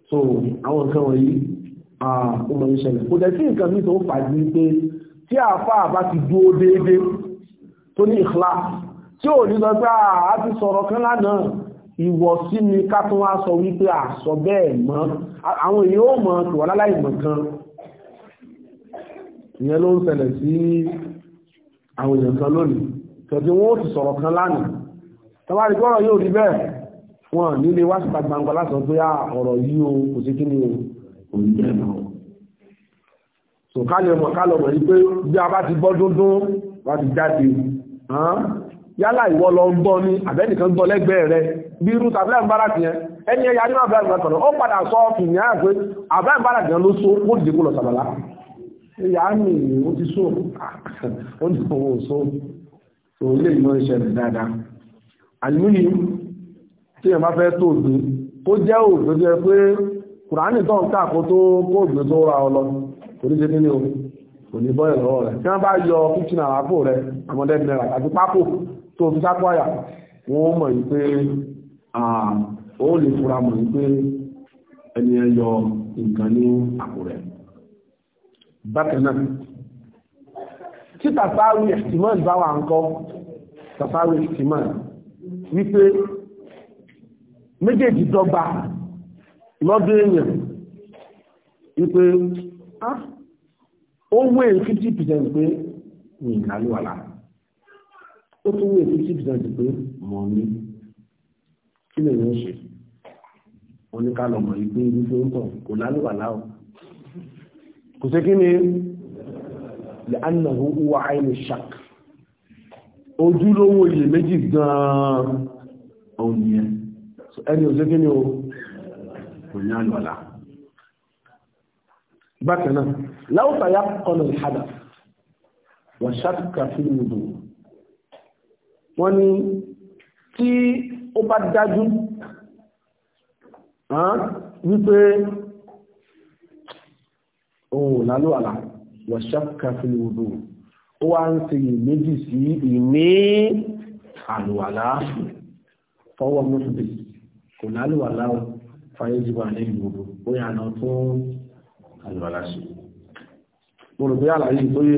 [SPEAKER 1] so àwọn nǹkan wọ̀nyí ó mọ̀ ìṣẹ̀lẹ̀ kò dẹ̀ sí nǹkan mìí tó fagilé pé tí àáfàá bá ti dúó déédé tó ní ìhlá tí ò ní lọ pé a ti sọ̀rọ̀ kan lánàá ìwọ̀ sí mi ká tún wá sọ wípé àsọ bẹ́ẹ̀ mọ́ àwọn èèyàn ó mọ̀ tìwọ́ láláì mọ̀ kan ìyẹn ló ń ṣẹlẹ̀ sí àwọn èèyàn kan lónìí tọ́jú wọn ó ti sọ̀rọ̀ kan lánàá tọ́wárí gbọ́rọ̀ yóò rí bẹ́ẹ̀ wọn nílé wá síta gbangba lásán tó yá ọ̀rọ̀ yìí o kò sí kí ni o
[SPEAKER 2] kò ní bẹ́ẹ̀ náà
[SPEAKER 1] so kálẹ̀ ọmọ kálọ̀ mọ̀ wípé bí a bá ti gbọ́ dúndún wá ti jáde yálà ìwọ lọ ń gbọ́ ní àbẹ́nìkan gbọ́ lẹ́gbẹ̀ẹ́ rẹ bí irú tàbílẹ̀ ń bára tiẹ̀ ẹni ẹ̀yà ní àbẹ́ àgbà tọ̀nà ó padà sọ fìyàn àgbẹ̀ àbẹ́ àgbà gan ló sọ ó dìde kó lọ sàbàlá ìyá mi ó ti sọ ó ní òun ò sọ òun lè mọ ìṣẹ̀lẹ̀ dáadáa àlúyí tí ẹ máa fẹ́ tó ògbé tó jẹ́ ògbé tó yẹ pé kùránì tó ń káàkó tó kó ògbé tó ra ọlọ kò ní ṣe kí ni o kò ní bọ́ ẹ̀rọ rẹ̀ tí wọ́n bá yọ fífún àràpò rẹ̀ àmọ́dé náírà àti pápò tó fi sápò àyà wọ́n mọ̀ yìí pé ó lè fura mọ̀ yìí pé ẹni ẹ yọ nǹkan ní àpò rẹ̀ bákan náà tí tàfáwì ẹ̀sìmọ́ọ̀lù bá wà ń kọ́ wípé méjèèjì dọ́gba lọ́dún èèyàn wípé ah, ó wé 50% pé ní ìgbàlúwàlá ó tún wé 50% pé mọ̀ ní kí lè ní ṣe oníkàlọ̀mọ̀ ìgbé ìlúfẹ́ ń tàn kò lálùwàlá o kò sí kí ni lẹ́ánà wà áìlú ṣàkà ojúlówó iye méjì gan-an òun nìyẹn ẹni òṣè kí ni o kò ní àlọ́lá bákan náà láwùsà yá kọ́nà ìhàdà wọ́n ṣàtìkà sí tí ó bá dájú wípé òun lálọ́ àlà wọ́n ṣàtìkà ó wá ń ṣe ìméjì sí ìmé àlùwàlá fọwọ́ mọ́sùlùmí kò lálùwàlá fàyẹ́jìwà ní ìgbòrò ó yà náà fún àlùwàlá sí mọ̀rọ̀gbé àlàyé ìgbóyé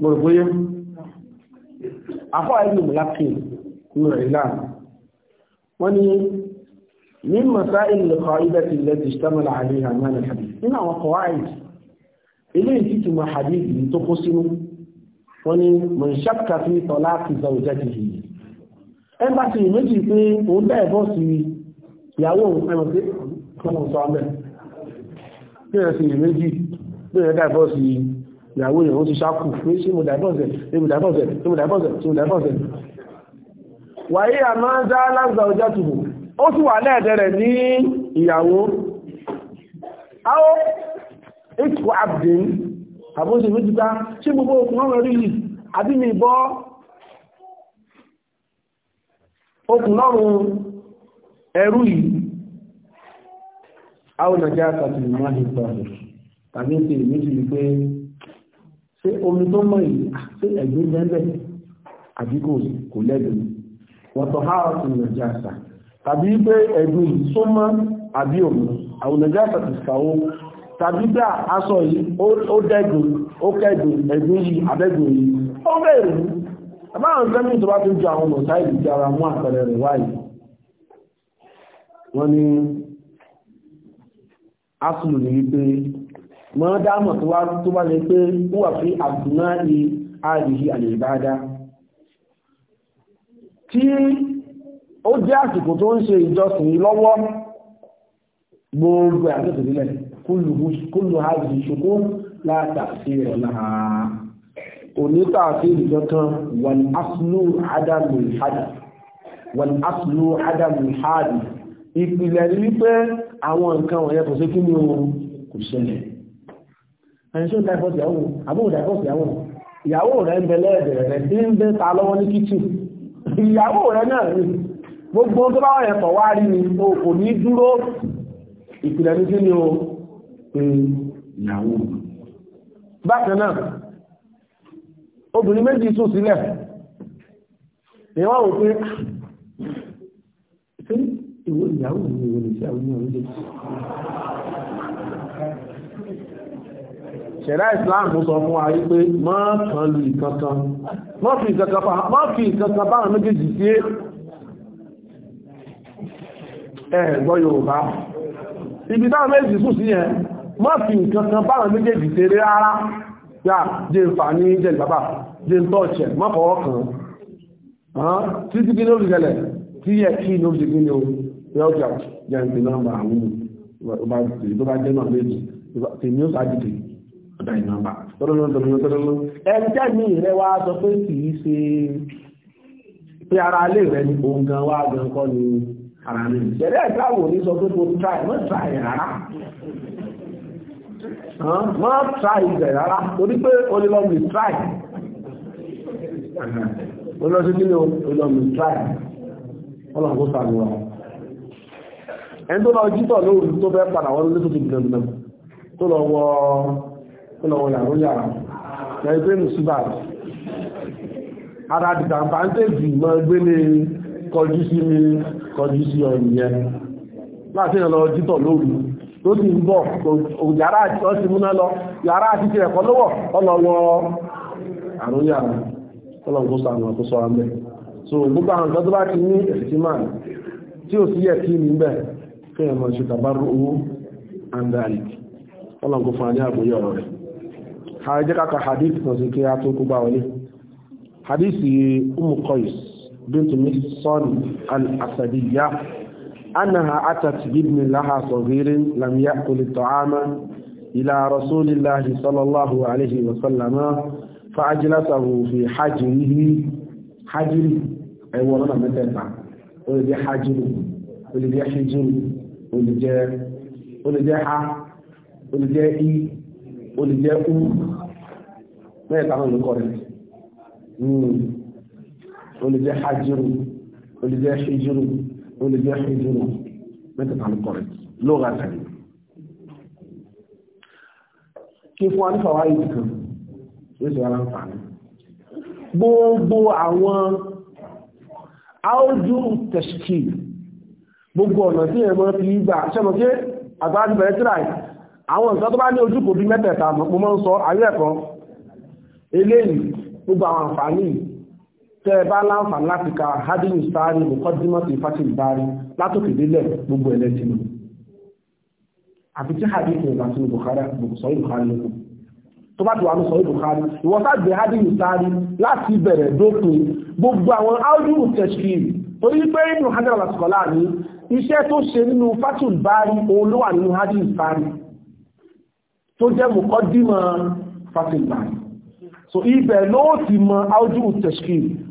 [SPEAKER 1] mọ̀rọ̀gbóyé afọ́ ẹ̀rù lákìn ní wọ́n ni ní masá ìlẹ̀kọ̀ ìbẹ̀tì lẹ́tì stamala àríhà mẹ́rin hadith wọ́n ní mọ̀ṣáàkà fi tọ́lá ti sọ òjẹ́ ti yìí ẹ́mbàtì méjì pé òun bẹ́ẹ̀ bọ́ sí ìyàwó ẹ̀mọ̀ pé kọ́nà sọ amẹ́ bẹ́ẹ̀ sí méjì bẹ́ẹ̀ dá bọ́ sí ìyàwó ìyàwó ti ṣákù pé ṣé mo dàbọ̀sẹ̀ ṣé mo ìyàwó àbóṣe méjì bá ṣé gbogbo okùn náà rí yìí àbí mi bọ́ okùn lọ́rùn ẹrú yìí àwọn nàjá méjì wípé ṣé omi tó mọ̀ yìí ṣé ẹ̀gbẹ́ bẹ́ẹ̀ àbí kò lẹ́gbẹ̀ẹ́ wọ́n tọ́ hárọ̀ sí nàjá àtà tàbí pé ẹ̀gbẹ́ yìí só mọ́ àbí òmìnir àwọn nàjá àtàkì ìfàwọ́ tàbí bí aṣọ yìí ó dẹ́gùn ó kẹ́gùn ẹ̀gùn yìí abẹ́gùn yìí ó bẹ̀rẹ̀ mú àbáwọn ìfẹ́mí tó bá tún ju àwọn ọ̀nà sáìdì tí ara mú àpẹẹrẹ rẹ̀ wáyé wọ́n ní asùlù ní wípé mọ́ dámọ̀ tó wá tó bá lè pé wúwà fí àbùnáì àìyí àlèbádá tí ó jẹ́ àsìkò tó ń ṣe ìjọsìn lọ́wọ́ gbogbo àgbẹ̀tẹ̀lẹ́lẹ̀ kúlù hajji ṣùkú látàfí ọ̀láha onítàfí ìjọkan wọn aslu adamu hajji wọn aslu adamu hajji ìpìlẹ̀ rí wípé àwọn nǹkan wọ̀nyẹ́ kò sí kí ni o kò ṣẹlẹ̀ ẹ̀ṣọ́ ìdáìfọ́sì àwọn àbúrò ìdáìfọ́sì àwọn ìyàwó rẹ̀ ń bẹ lẹ́ẹ̀bẹ̀rẹ̀ rẹ̀ tí ń náà rí gbogbo tó bá wọ̀nyẹ́ pọ̀ wá rí ni o kò ní dúró ìpìlẹ̀ ní kí ni o pé ìyàwó bákan náà obìnrin méjì sùn sílẹ̀ ìwọ́n wò pé ṣé ìyàwó mi ìwọ lè ṣe àwọn ènìyàn ṣẹ̀dá Islam sọ fún wa wípé má kan lu ìkankan má fi ìkankan báwọn méjèèjì sí ẹ̀ gbọ́ Yorùbá ibi táwọn méjì sùn sí yẹn má fi nǹkan kan báwọn méjèèjì tèrè rárá yá jẹ́ ń fà ní jẹ́ ìgbàbà jẹ́ ń tọ́ọ̀ṣẹ̀ má fọwọ́ kàn títí kí ní ó fi gẹlẹ̀ tí yẹ kí ní ó fi gẹlẹ̀ o yọ jà jẹ́ ń pè nọ́mbà àwọn ọba tó bá jẹ́ náà méjì tèmi ó sáàjìdì ọ̀dà ìnàmbà tọ́lọ́lọ́tọ́lọ́tọ́lọ́ ẹgbẹ́ mi rẹ wá sọ pé kì í ṣe pé ara alé rẹ ni òun gan wá gan kọ́ ìṣẹ̀lẹ̀ ìtàwọ̀ ní sọ pé kò tíráì mọ́ tíráì rárá
[SPEAKER 2] mọ́ try ibẹ̀ rárá torí
[SPEAKER 1] pé o lè lọ mi try o lọ sí kí ni o lọ mi try ọlọ́run kó sàánú wa ẹni tó lọ jítọ̀ lóòrùn tó fẹ́ padà wọ́n lé tó ti gbìyànjú náà tó lọ wọ tó lọ wọ yàrá yàrá lẹ́yìn kọjú sí mi kọjú sí ọ láti ìrànlọ jítọ̀ lóòrùn tó ti ń bọ̀ yàrá àti ti múná lọ yàrá àti ti ẹ̀kọ́ lọ́wọ́ ọlọ́wọ́ àrúnyà so gbogbo àwọn tó bá ti ní máa tí ò sí yẹ kí bẹ́ẹ̀ kí ẹ̀ ṣe tàbárò owó and garlic fún wa àgbóyé ọ̀rọ̀ rẹ̀ ààrẹ jẹ́ káka hadith kan sí kí a tó kó bá wọlé hadith yìí al أنها أتت بابن لها صغير لم يأكل الطعام إلى رسول الله صلى الله عليه وسلم فأجلسه في حجره حجره أي ورنا متى ولدي حجره ولدي حجره ولدي ولدي ح ولدي إي ولدي أو ما يتعامل القرآن ولدي حجره ولدي حجره ó lè jẹ́ hijira mẹ́tẹ̀ẹ̀ta ní correct lóòrà tàbí kí fún wa ní fàwáyé kan yóò sì wá láǹfààní gbogbo àwọn áójú tẹ̀ṣkì gbogbo ọ̀nà tí ẹ̀mọ́ fi gbà ṣẹ́mọ̀ tí àgbàájú bẹ̀rẹ̀ tíra àwọn nǹkan tó bá ní ojú kò bí mẹ́tẹ̀ẹ̀ta mo mọ́ ń sọ ayé ẹ̀kọ́ eléyìí gbogbo àwọn àǹfààní yìí tẹ́ bá láǹfààní láti ka hadiyu sáárì mọ̀kọ́dímọ̀ ti fásitì ìbárí látòkè délẹ̀ gbogbo ẹlẹ́tì mọ̀ àfi tí hadiyu ìgbà tí Bukhari sọ Bukhari lókun tó bá ti wà ní sọ Bukhari ìwọ́n sáàgbé hadiyu sáárì láti bẹ̀rẹ̀ dópin gbogbo àwọn áúdúrù tẹ̀sí torí pé inú hajj alásùkọ́lá ní iṣẹ́ tó ṣe nínú fásitì ìbárí òun ló wà nínú hadiyu sáárì tó jẹ́ mọ̀kọ́dímọ̀ fásitì ìbárí so ibẹ̀ ló ti mọ áúdúrù tẹ̀sí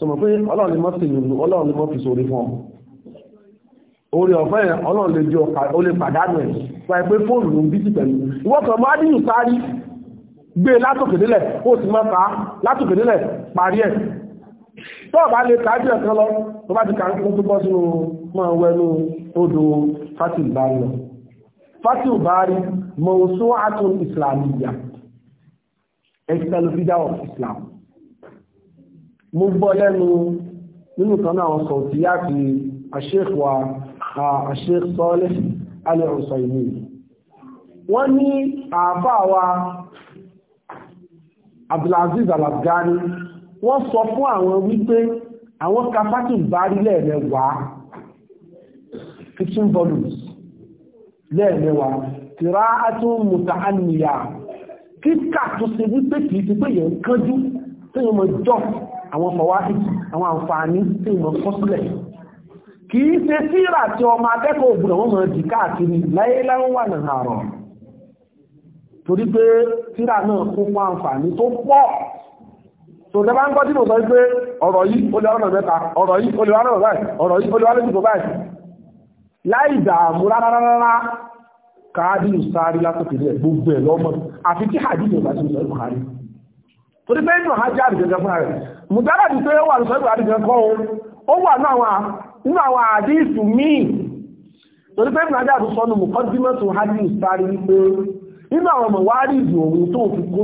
[SPEAKER 1] sọmọ pé ọlọ́run ni mọ́sí ìlú ọlọ́run ni mọ́sí sórí fún ọ orí ọ̀fẹ́ yẹn ọlọ́run lè jọ ó lè pàdánù ẹ̀ pa ẹ pé fóònù ló ń bí sí pẹ̀lú ìwọ́sọ̀ máa ní ìparí gbé e látòkè nílẹ̀ ó sì máa ta látòkè nílẹ̀ parí ẹ̀ tó bá lè kájú ẹ̀kan lọ tó bá ti kà ń kún tó bọ́ sínú máa wẹnu odò fatil bari lọ fatil bari mọ̀ọ́sọ́ àtún islamiyya ẹ̀sìn tẹlifíjà of islam mo gbọ́ lẹ́nu nínú kan náà àwọn sọ̀tí yáàkì àṣẹ́kù wa àṣẹ́kù sọ́ọ́lẹ̀ alẹ́ ọ̀sọ̀ ìlú wọ́n ní àbá wa Abdulaziz Al-Afghani wọ́n sọ fún àwọn wípé àwọn kapátì bari lẹ́ẹ̀mẹ́wàá 15 volumes lẹ́ẹ̀mẹ́wàá tìrá átún mùtàánìyà kíkà tó ṣe wípé kìí ti pé yẹn kánjú tí wọ́n mọ̀ jọ́fù àwọn fọwáhì àwọn àǹfààní tí ìmọ̀ kọ́sílẹ̀ kì í ṣe síra tí ọmọ akẹ́kọ̀ọ́ òbúrọ̀ wọ́n mọ̀ dì káàkiri láyéláwà nàárọ̀ torí pé síra náà kún fún àǹfààní tó pọ̀ tó tẹ́ bá ń kọ́ tí mo sọ pé ọ̀rọ̀ yìí ó lè ọ̀nà mẹ́ta ọ̀rọ̀ yìí ó lè wá lọ́rọ̀ báyìí ọ̀rọ̀ yìí ó lè wá lọ́rọ̀ báyìí láì dààmú rárá káàdì ìsáárí látòkèrè gbogbo ẹ̀ lọ́mọ àfi tí àdìyàn bá ti sọ ìbùkárí torí pé inú àjá àdìgẹ́gẹ́ fúnra rẹ̀ mùdára ti pé ó wà àdìgẹ́ kọ́ ohun ó wà nínú àwọn àdìsù míì torí pé inú àjá àdìsù sọ́nù mùkọ́dímọ́tò hajji sáré wípé nínú àwọn ọmọ wárí ìdù òun tó fi kó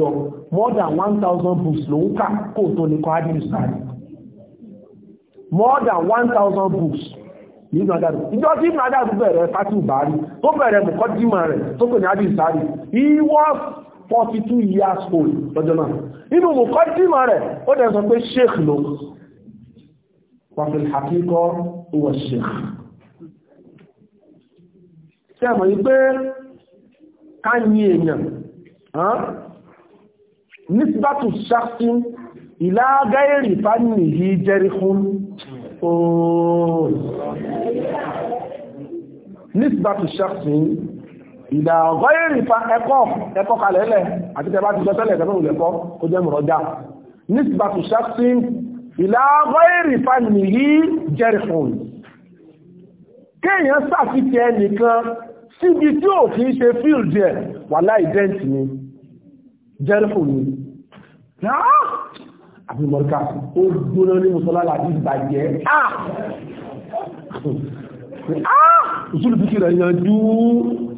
[SPEAKER 1] yọ more than one thousand books lòún kà kó tó ní kọ́ hajji sáré ìjọ tí bẹ̀rẹ̀ tó bẹ̀rẹ̀ mùkọ́dímọ̀ rẹ̀ tó pè ní he was forty two years old lọ́jọ́ náà nínú olùkọ́ dìmọ̀ rẹ̀ ó dẹ̀ sọ pé sheikh ló wàfẹ́ àkíkọ́ ìwọ̀ sheikh tẹ́mọ̀ yí pé káyí èèyàn nísìbátù ṣáṣí ìlàgáyèrì fánìyàn yìí jẹ́rí fún ooo nísìbátù ṣáṣí ìdá ọ̀gọ́ èrè fa ẹ̀kọ́ ẹ̀kọ́ kalẹ̀ lẹ̀ àti tẹ́ bá ti sọ tẹ́lẹ̀ tẹ́lẹ̀ òun lẹ̀kọ́ kó jẹ́ mọ̀rọ̀jà nígbà tó ṣáṣí ìdá ọ̀gọ́ èrè fa nìyí jẹ́rì fún kéèyàn ṣàfihàn ẹnìkan síbi tí ò fi ń ṣe field ẹ̀ wà láì dẹ́ǹtì ni jẹ́rì fún ni àbí mọ̀ríkà ó gbóná ní mùsọ́lá láti ìbàjẹ́ ah zulu bí kí rẹ̀ yanjú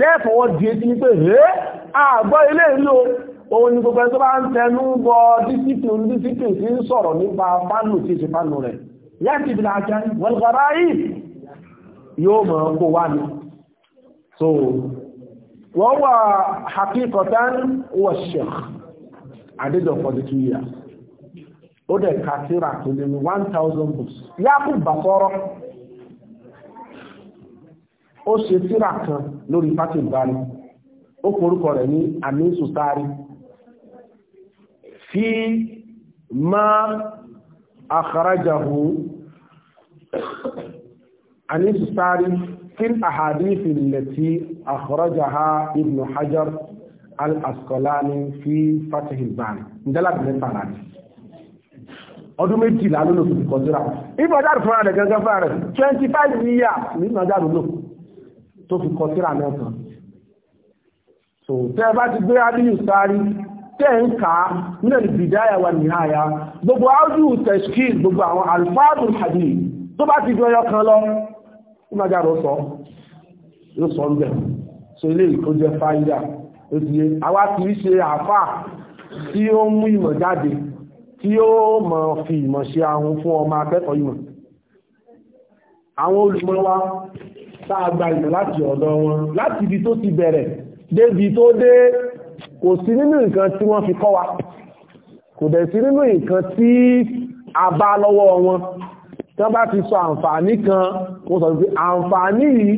[SPEAKER 1] tẹ́ẹ̀fọ́ wọ́n di etí pé rẹ̀ àgbọ́ ilé ìlú òun ni gbogbo ẹni tó bá ń tẹnu bọ discipline onídiscipline tí ń sọ̀rọ̀ nípa fánù tí ṣe fánù rẹ̀ yáàkì ìbìlà ajá wẹ́lgọ́rá yìí yóò mọ̀ kó wá ní so wọ́n wà hakikatan wọ́n sheikh adéjọ for the two years ó dẹ̀ kàtírà tó lé ní one thousand books yáàkù bàkọ́rọ́ ó ṣe tírà kan lórí fatil bari ó forúkọ rẹ̀ ní amisu tari fi ma akharajahu amisu tari fi ahadith allati akhrajaha ibn hajar al-asqalani fi fatil bari ndala bi fara ni ọdún méjìlá ló lò fi kọjúra ibọ̀dá fún ààrẹ gẹ́gẹ́ fún 25 years ní nàìjíríà lò tó fi kọ síra náà tán so tẹ́ bá ti gbé Aliyu Sari tẹ́ ń ká nílẹ̀ ìbìdáyà wà ní àyà gbogbo áúdù tẹ̀ṣkìl gbogbo àwọn alfáàdù hadi tó bá ti gbọ́yọ kan lọ ìmájá rọ sọ ló sọ ń bẹ̀ so ilé ìkó jẹ fáyídà ó ti yé àwa ti rí ṣe àfà tí ó mú ìmọ̀ jáde tí ó mọ̀ fi ìmọ̀ ṣe ahun fún ọmọ akẹ́kọ̀ọ́ ìmọ̀ àwọn olùmọ̀ wa sáàgbà ìmọ̀ láti ọ̀dọ̀ wọn láti ibi tó ti bẹ̀rẹ̀ débi tó dé kò sí nínú nǹkan tí wọ́n fi kọ́ wa kò dẹ̀ sí nínú nǹkan tí a bá lọ́wọ́ wọn tí wọ́n bá ti sọ àǹfààní kan mo sọ pé àǹfààní yìí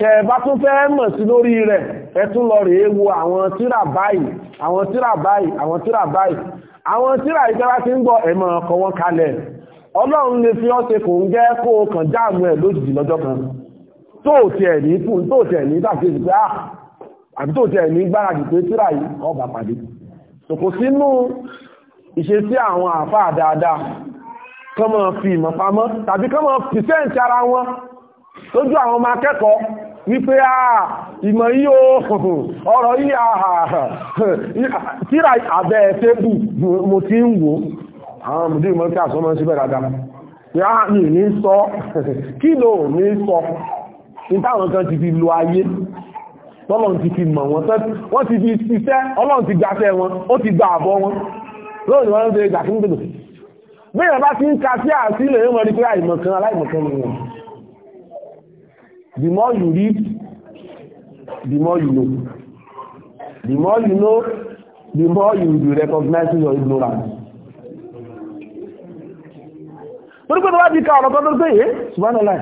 [SPEAKER 1] kẹ bá tún fẹ́ mọ̀ sí lórí rẹ̀ ẹ tún lọ rèé wo àwọn tíra báyìí àwọn tíra báyìí àwọn tíra báyìí àwọn tíra yìí tẹ́lá ti ń gbọ́ ẹ̀mọ̀ ọkọ̀ wọn kalẹ̀ ọlọ́run lè fi ọ́ ṣe kò ń gẹ́ kó o kàn jáàmù ẹ̀ lójijì lọ́jọ́ kan tóòtì ẹni ní fún tóòtì ẹ̀ ní dàkejì pé ah àbí tóòtì ní gbáradì pé tíra yìí ọba pàdé kò sínú ìṣesí àwọn àfáà dáadáa kọmọ fi ìmọ̀ pamọ́ tàbí kọmọ pìsẹ́ǹtì wọn lójú àwọn ọmọ akẹ́kọ̀ọ́ wípé ah, ìmọ̀ yí o ọ̀rọ̀ yí àbẹ́ ah, ah, tébù mo ti ń wò àwọn ọmọdé ìmọ̀ tí dáadáa ní sọ sọ ní kan ti fi lo ayé tọ́lọ́n ti fi mọ̀ wọn wọ́n ti fi ṣiṣẹ́ ọlọ́run ti gbàṣẹ́ wọn ó ti gba àbọ̀ wọn lóòrùn wọn ló gbà fún gbèdò bá ti ń ka sí àsílẹ̀ the more you read the more you know the more you know the more you will be recognizing your ignorance torí pé tó bá ti ka ọ̀rọ̀ kan tó pé yé ṣùgbọ́n náà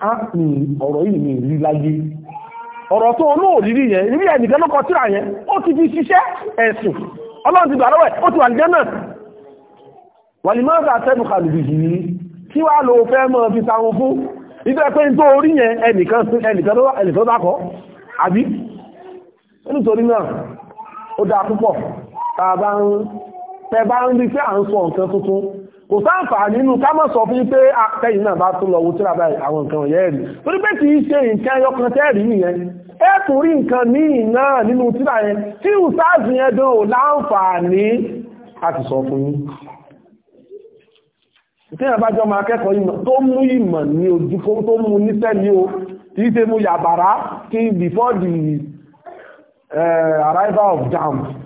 [SPEAKER 1] á ní ọ̀rọ̀ yìí ní ìrí láyé ọ̀rọ̀ tó olóòrírí yẹn ìrí ẹnìkan lọ́kọ̀ tíra yẹn ó ti fi ṣiṣẹ́ ẹ̀sùn ọlọ́run ti gbà ó ti wà nìkan náà wàlìmọ́sà yìí kí wá mọ́ fi sáwọn fún ìgbẹ́ pé tó orí yẹn ẹnìkan tó rí kò sáǹfà nínú ká mọ̀ sọ fún pé àtẹ́yìn ah, náà bá tún lọ wo tíra báyìí àwọn nǹkan ọ̀yẹ́ rí torí pé kì í ṣe nǹkan ẹyọkan tẹ́ẹ̀rí nìyẹn ẹ tún rí nǹkan míì náà nínú tíra yẹn tí ìsáàsì yẹn dán ò láǹfààní àti sọ fún yín tíyàn bá jọ máa kẹ́kọ̀ọ́ ìmọ̀ tó mú ìmọ̀ ní ojú kó tó mú níṣẹ́ ní o before the uh, arrival of jam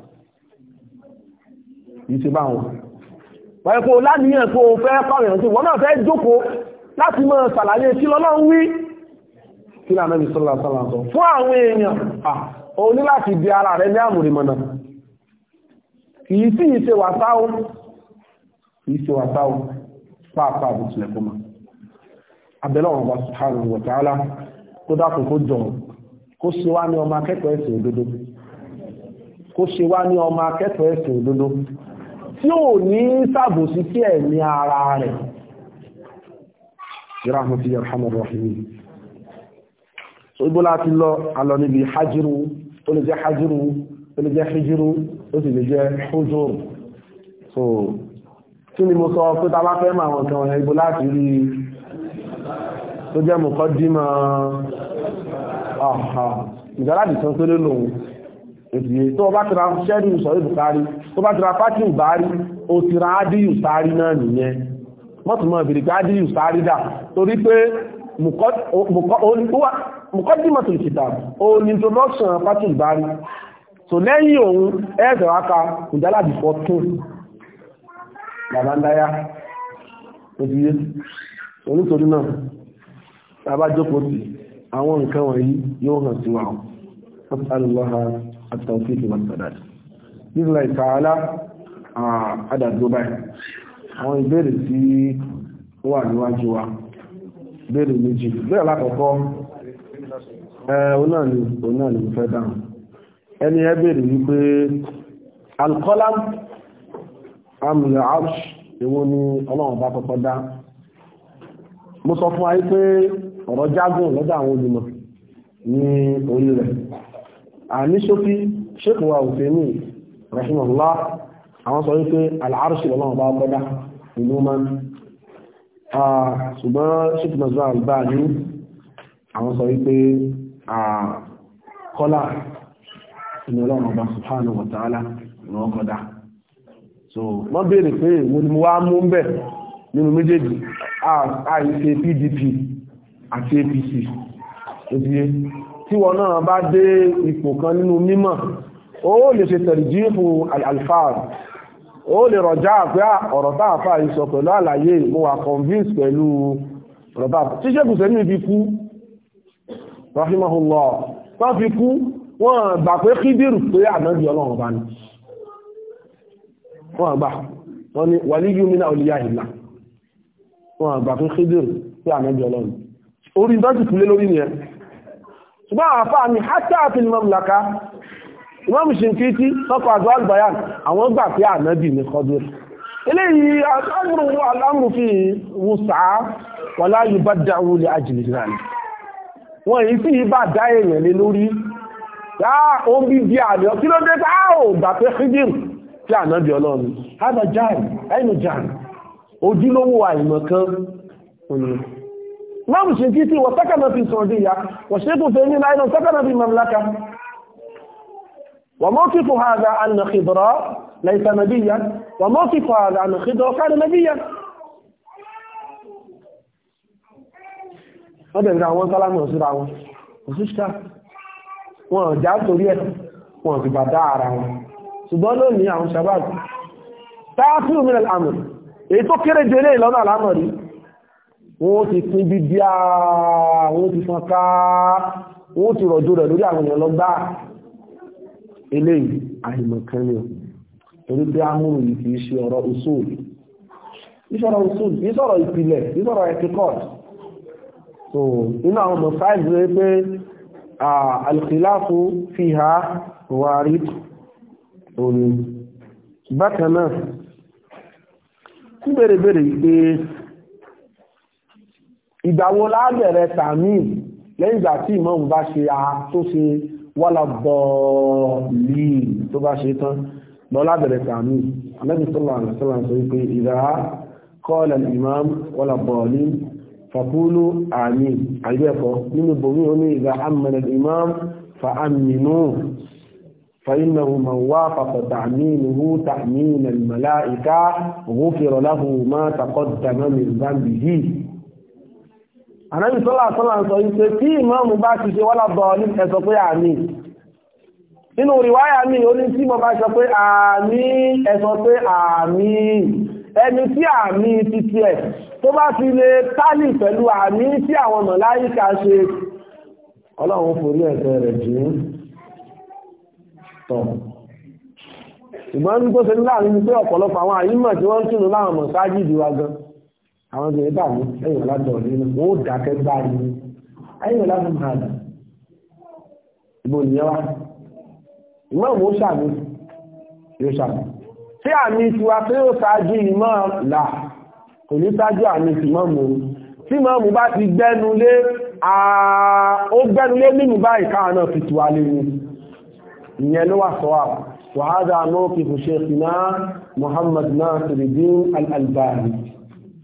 [SPEAKER 1] ìṣe bá wọn pẹ̀lú láníyàn tó fẹ́ pàwẹ̀yàn tí wọ́n náà fẹ́ jókòó láti mọ́ sàlàyé kí lọ́lọ́run wí kí lànà bí sọ́lá sọ́lá sọ fún àwọn èèyàn ó ní láti di ara rẹ̀ ní àmúrimọ̀nà kìí sí ìṣe wàsáwó kìí ṣe wàsáwó pàápàá bó tilẹ̀ kó ma abẹ́lẹ̀ ọ̀rọ̀ bá subhanahu wa ta'ala kó dákun kó jọ kó ṣe wá ní ọmọ akẹ́kọ̀ọ́ ẹ̀sìn òdodo kó ṣe wá ní ọmọ akẹ́kọ̀ọ́ ẹ̀sìn òdodo tí ò ní sàbòsí sí ẹ̀mí ara rẹ̀ ìráhùn ti yàrhàmù rọ̀hìmì so igbó láti lọ alọ níbi hajjiru ó lè jẹ́ hajjiru ó lè jẹ́ hijjiru ó sì lè jẹ́ hujjiru so kí ni mo sọ pé bá fẹ́ mọ àwọn ọ̀tọ̀ ọ̀yàn láti rí tó jẹ́ mọ̀kọ́ dímọ̀ èdìyẹ tó bá tira ṣẹ́rí ìṣọ̀rí bukari tó bá tira fátí ìbárí o ti ra ádìyù sáárí náà nìyẹn mọ́tùmọ̀ ìbìrìkà ádìyù sáárí dà torí pé mùkọ́dìmọ̀tò ìkìtà o ní introduction fátí ìbárí so lẹ́yìn òun ẹ̀ẹ́sẹ̀ wá ka ìjálàbì fọ́tún làbáńdáyá èdìyẹ onítorí náà tàbá jókòó sí àwọn nǹkan wọ̀nyí yóò hàn àtàwọ̀fíìkì wọn sàdáàdì nígbà ìtààlá àdàdóbá àwọn ìbéèrè tí ó wà níwájú wa ìbéèrè méjì bẹ́ẹ̀ lákọ̀ọ́kọ́ onáàlì onáàlì fẹ́ dáhùn ẹni ẹ béèrè wípé alkọ́lám amìlẹ̀ arsh èwo ni ọlọ́run bá kọ́kọ́ dá mo sọ fún ayé pé ọ̀rọ̀ jágùn lọ́dọ̀ àwọn olùmọ̀ orí rẹ̀ àní ṣókí ṣékù wa òfèmí rahimahullah àwọn sọ wípé al'arṣì lọ́wọ́ bá gbọ́dá ìlú man ṣùgbọ́n ṣékù mazba albá ní àwọn sọ wípé kọ́lá inú ọlọ́run ọba subhanahu wa ta'ala ní wọ́n kọ́dá so wọ́n béèrè pé mo ni mo wá mú ń bẹ̀ nínú méjèèjì àìṣe PDP àti APC ó ti yé tí wọn náà bá dé ipò kan nínú mímọ̀ ó lè ṣe tẹ̀rìjífù alfáà ó lè rọjá pé ah, ọ̀rọ̀ tá àfáà yìí sọ pẹ̀lú àlàyé mo wà convince pẹ̀lú rọ̀bá tí ṣẹ́kù sẹ́ni fi kú rahimahullah tó fi kú wọ́n gbà pé kídìrù pé ànábì ọlọ́run bá ní wọ́n gbà wọ́n ni wàlíyú mínà olíyà ìlà wọ́n gbà pé kídìrù pé ànábì ọlọ́run orí bá ti kúlé lórí nìyẹn ṣùgbọ́n àfá àmì hátà àti ìmọ̀mùlàká ìmọ̀mù ṣìnkìtì sọ́kọ̀ àgbà albayan àwọn gbà pé ànábì ní kọdúrì eléyìí alámùrù alámùfin wùsà wọlá yìí bá dáwó lè ajìlì náà wọ́n èyí sí ibà dá èèyàn lé lórí yáà ó ń bí bí àmì ọkí ló dé Imam Shinkiti wa sakana fi Saudiya wa Sheikh Uthaymeen aidan sakana fi mamlaka. Wa mawqifu hadha anna Khidra laysa nabiyyan wa mawqifu hadha anna Khidra kana nabiyyan. Ọdẹ̀ ìrìn àwọn sálámù òsìrà wọn, òsìṣà wọn já torí ẹ̀ wọn ti bàdá ara wọn. Ṣùgbọ́n lónìí àwọn ṣàbáàkì. Táàfíù mìíràn àmì, èyí tó kéré jẹ́ ilé ìlọ́nà àlámọ̀ rí, wọ́n ti pín bí bí wọ́n ti fọn ká wọ́n ti rọ̀jò rẹ̀ lórí àwọn èèyàn lọ́gbà eléyìí àìmọ̀kan ni torí pé amúrù yìí kìí ṣe ọ̀rọ̀ usul ìṣọ̀rọ̀ usul ìṣọ̀rọ̀ ìpìlẹ̀ ìṣọ̀rọ̀ etikọ́t so inú àwọn ọmọ fáìlì rẹ̀ pé alkhilafu fiha wàrí orin bákan náà ń bèrè bèrè pé ìgbàwo lábẹ̀rẹ̀ tàmí lẹ́yìn ìgbà tí ìmọ̀mù bá ṣe a tó ṣe wọ́lá bọ̀ọ̀lì tó bá ṣe tán lọ lábẹ̀rẹ̀ tàmí alẹ́bí sọ́lá àlẹ́sọ́lá sọ wípé ìdá kọ́ọ̀lẹ̀ imam wọ́lá bọ̀ọ̀lì fàkúlù àmì àìbẹ̀ẹ̀kọ́ nínú bòmí من وافق تعمينه تأمين الملائكة غفر له ما تقدم من ذنبه ànábì sọ́là sọ́là ń sọ wípé tí ìmáàmù bá ti ṣe wọ́lá bọ̀ ní ẹ̀sọ pé àmì nínú rìwáyà mi ó ní tí mo bá sọ pé àmì ẹ̀sọ pé àmì ẹni tí àmì títí ẹ̀ tó bá ti lè tálì pẹ̀lú àmì tí àwọn mọ̀láyíká ṣe ọlọ́run forí ẹ̀ṣẹ̀ rẹ̀ jì í tọ̀ ṣùgbọ́n ní àwọn obìnrin bá wọn ẹ̀yìn ọ̀làjọ nínú ó dákẹ́ gbá ni ẹ̀yìn ọ̀làjọ máa dà ìbò nìyẹn wá ìmọ̀ ìwò sàmì yóò sàmì tí àmì tiwa pé ó ṣáájú ìmọ̀ là kò ní ṣáájú àmì tìmọ̀ mọ́ tí mọ́mù bá ti gbẹ́nulé ó gbẹ́nulé nínú báyìí káà náà fi tiwa lé ní ìyẹn ló wà sọ́wà wàhádà náà kìí ṣe fìná Muhammad Nasiruddin Al-Albani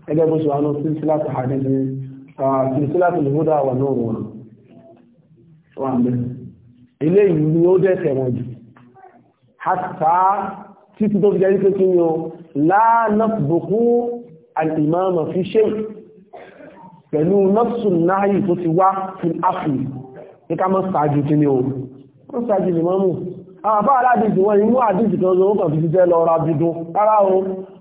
[SPEAKER 1] gẹ́gẹ́ bó ṣe wà ní sílsílátù hadith sílsílátù lùhúdà wà náà wọn wà ń bẹ ilé ìlú ó dẹ̀ tẹ̀wọ̀n jù hátà títí tó fi jẹ́ pé kí ni o lánàbùkú alìmọ́mọ̀ fi ṣe pẹ̀lú nọ́fṣù náàyì tó ti wá fi áfì ní ká mọ́ sáájú kí ni o mọ́ sáájú lè mọ́mù àwọn àbá aládìsí wọn imú àdìsí kan lóòkàn fi jíjẹ́ lọ ra bidun rárá o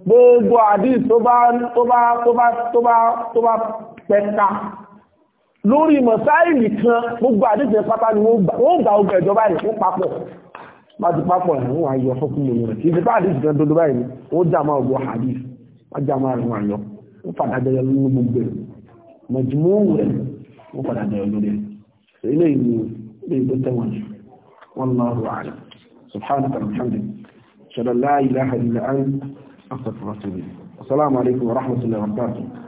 [SPEAKER 1] gbogbo àdìs tó bá tó bá tó bá tó bá tó bá pẹ̀ka lórí mọ̀sáìlì kan gbogbo àdìs yẹn pátá ni wọ́n gbà ogun ẹ̀jọba rẹ̀ fún papọ̀ bá ti papọ̀ ẹ̀ wọ́n ayọ̀ fọ́kùnrin rẹ̀ kì í ṣe bá àdìs báyìí wọ́n já máa gbọ́ سبحانك الحمد شر لا إله إلا أنت أفضل الرسول السلام عليكم ورحمة الله وبركاته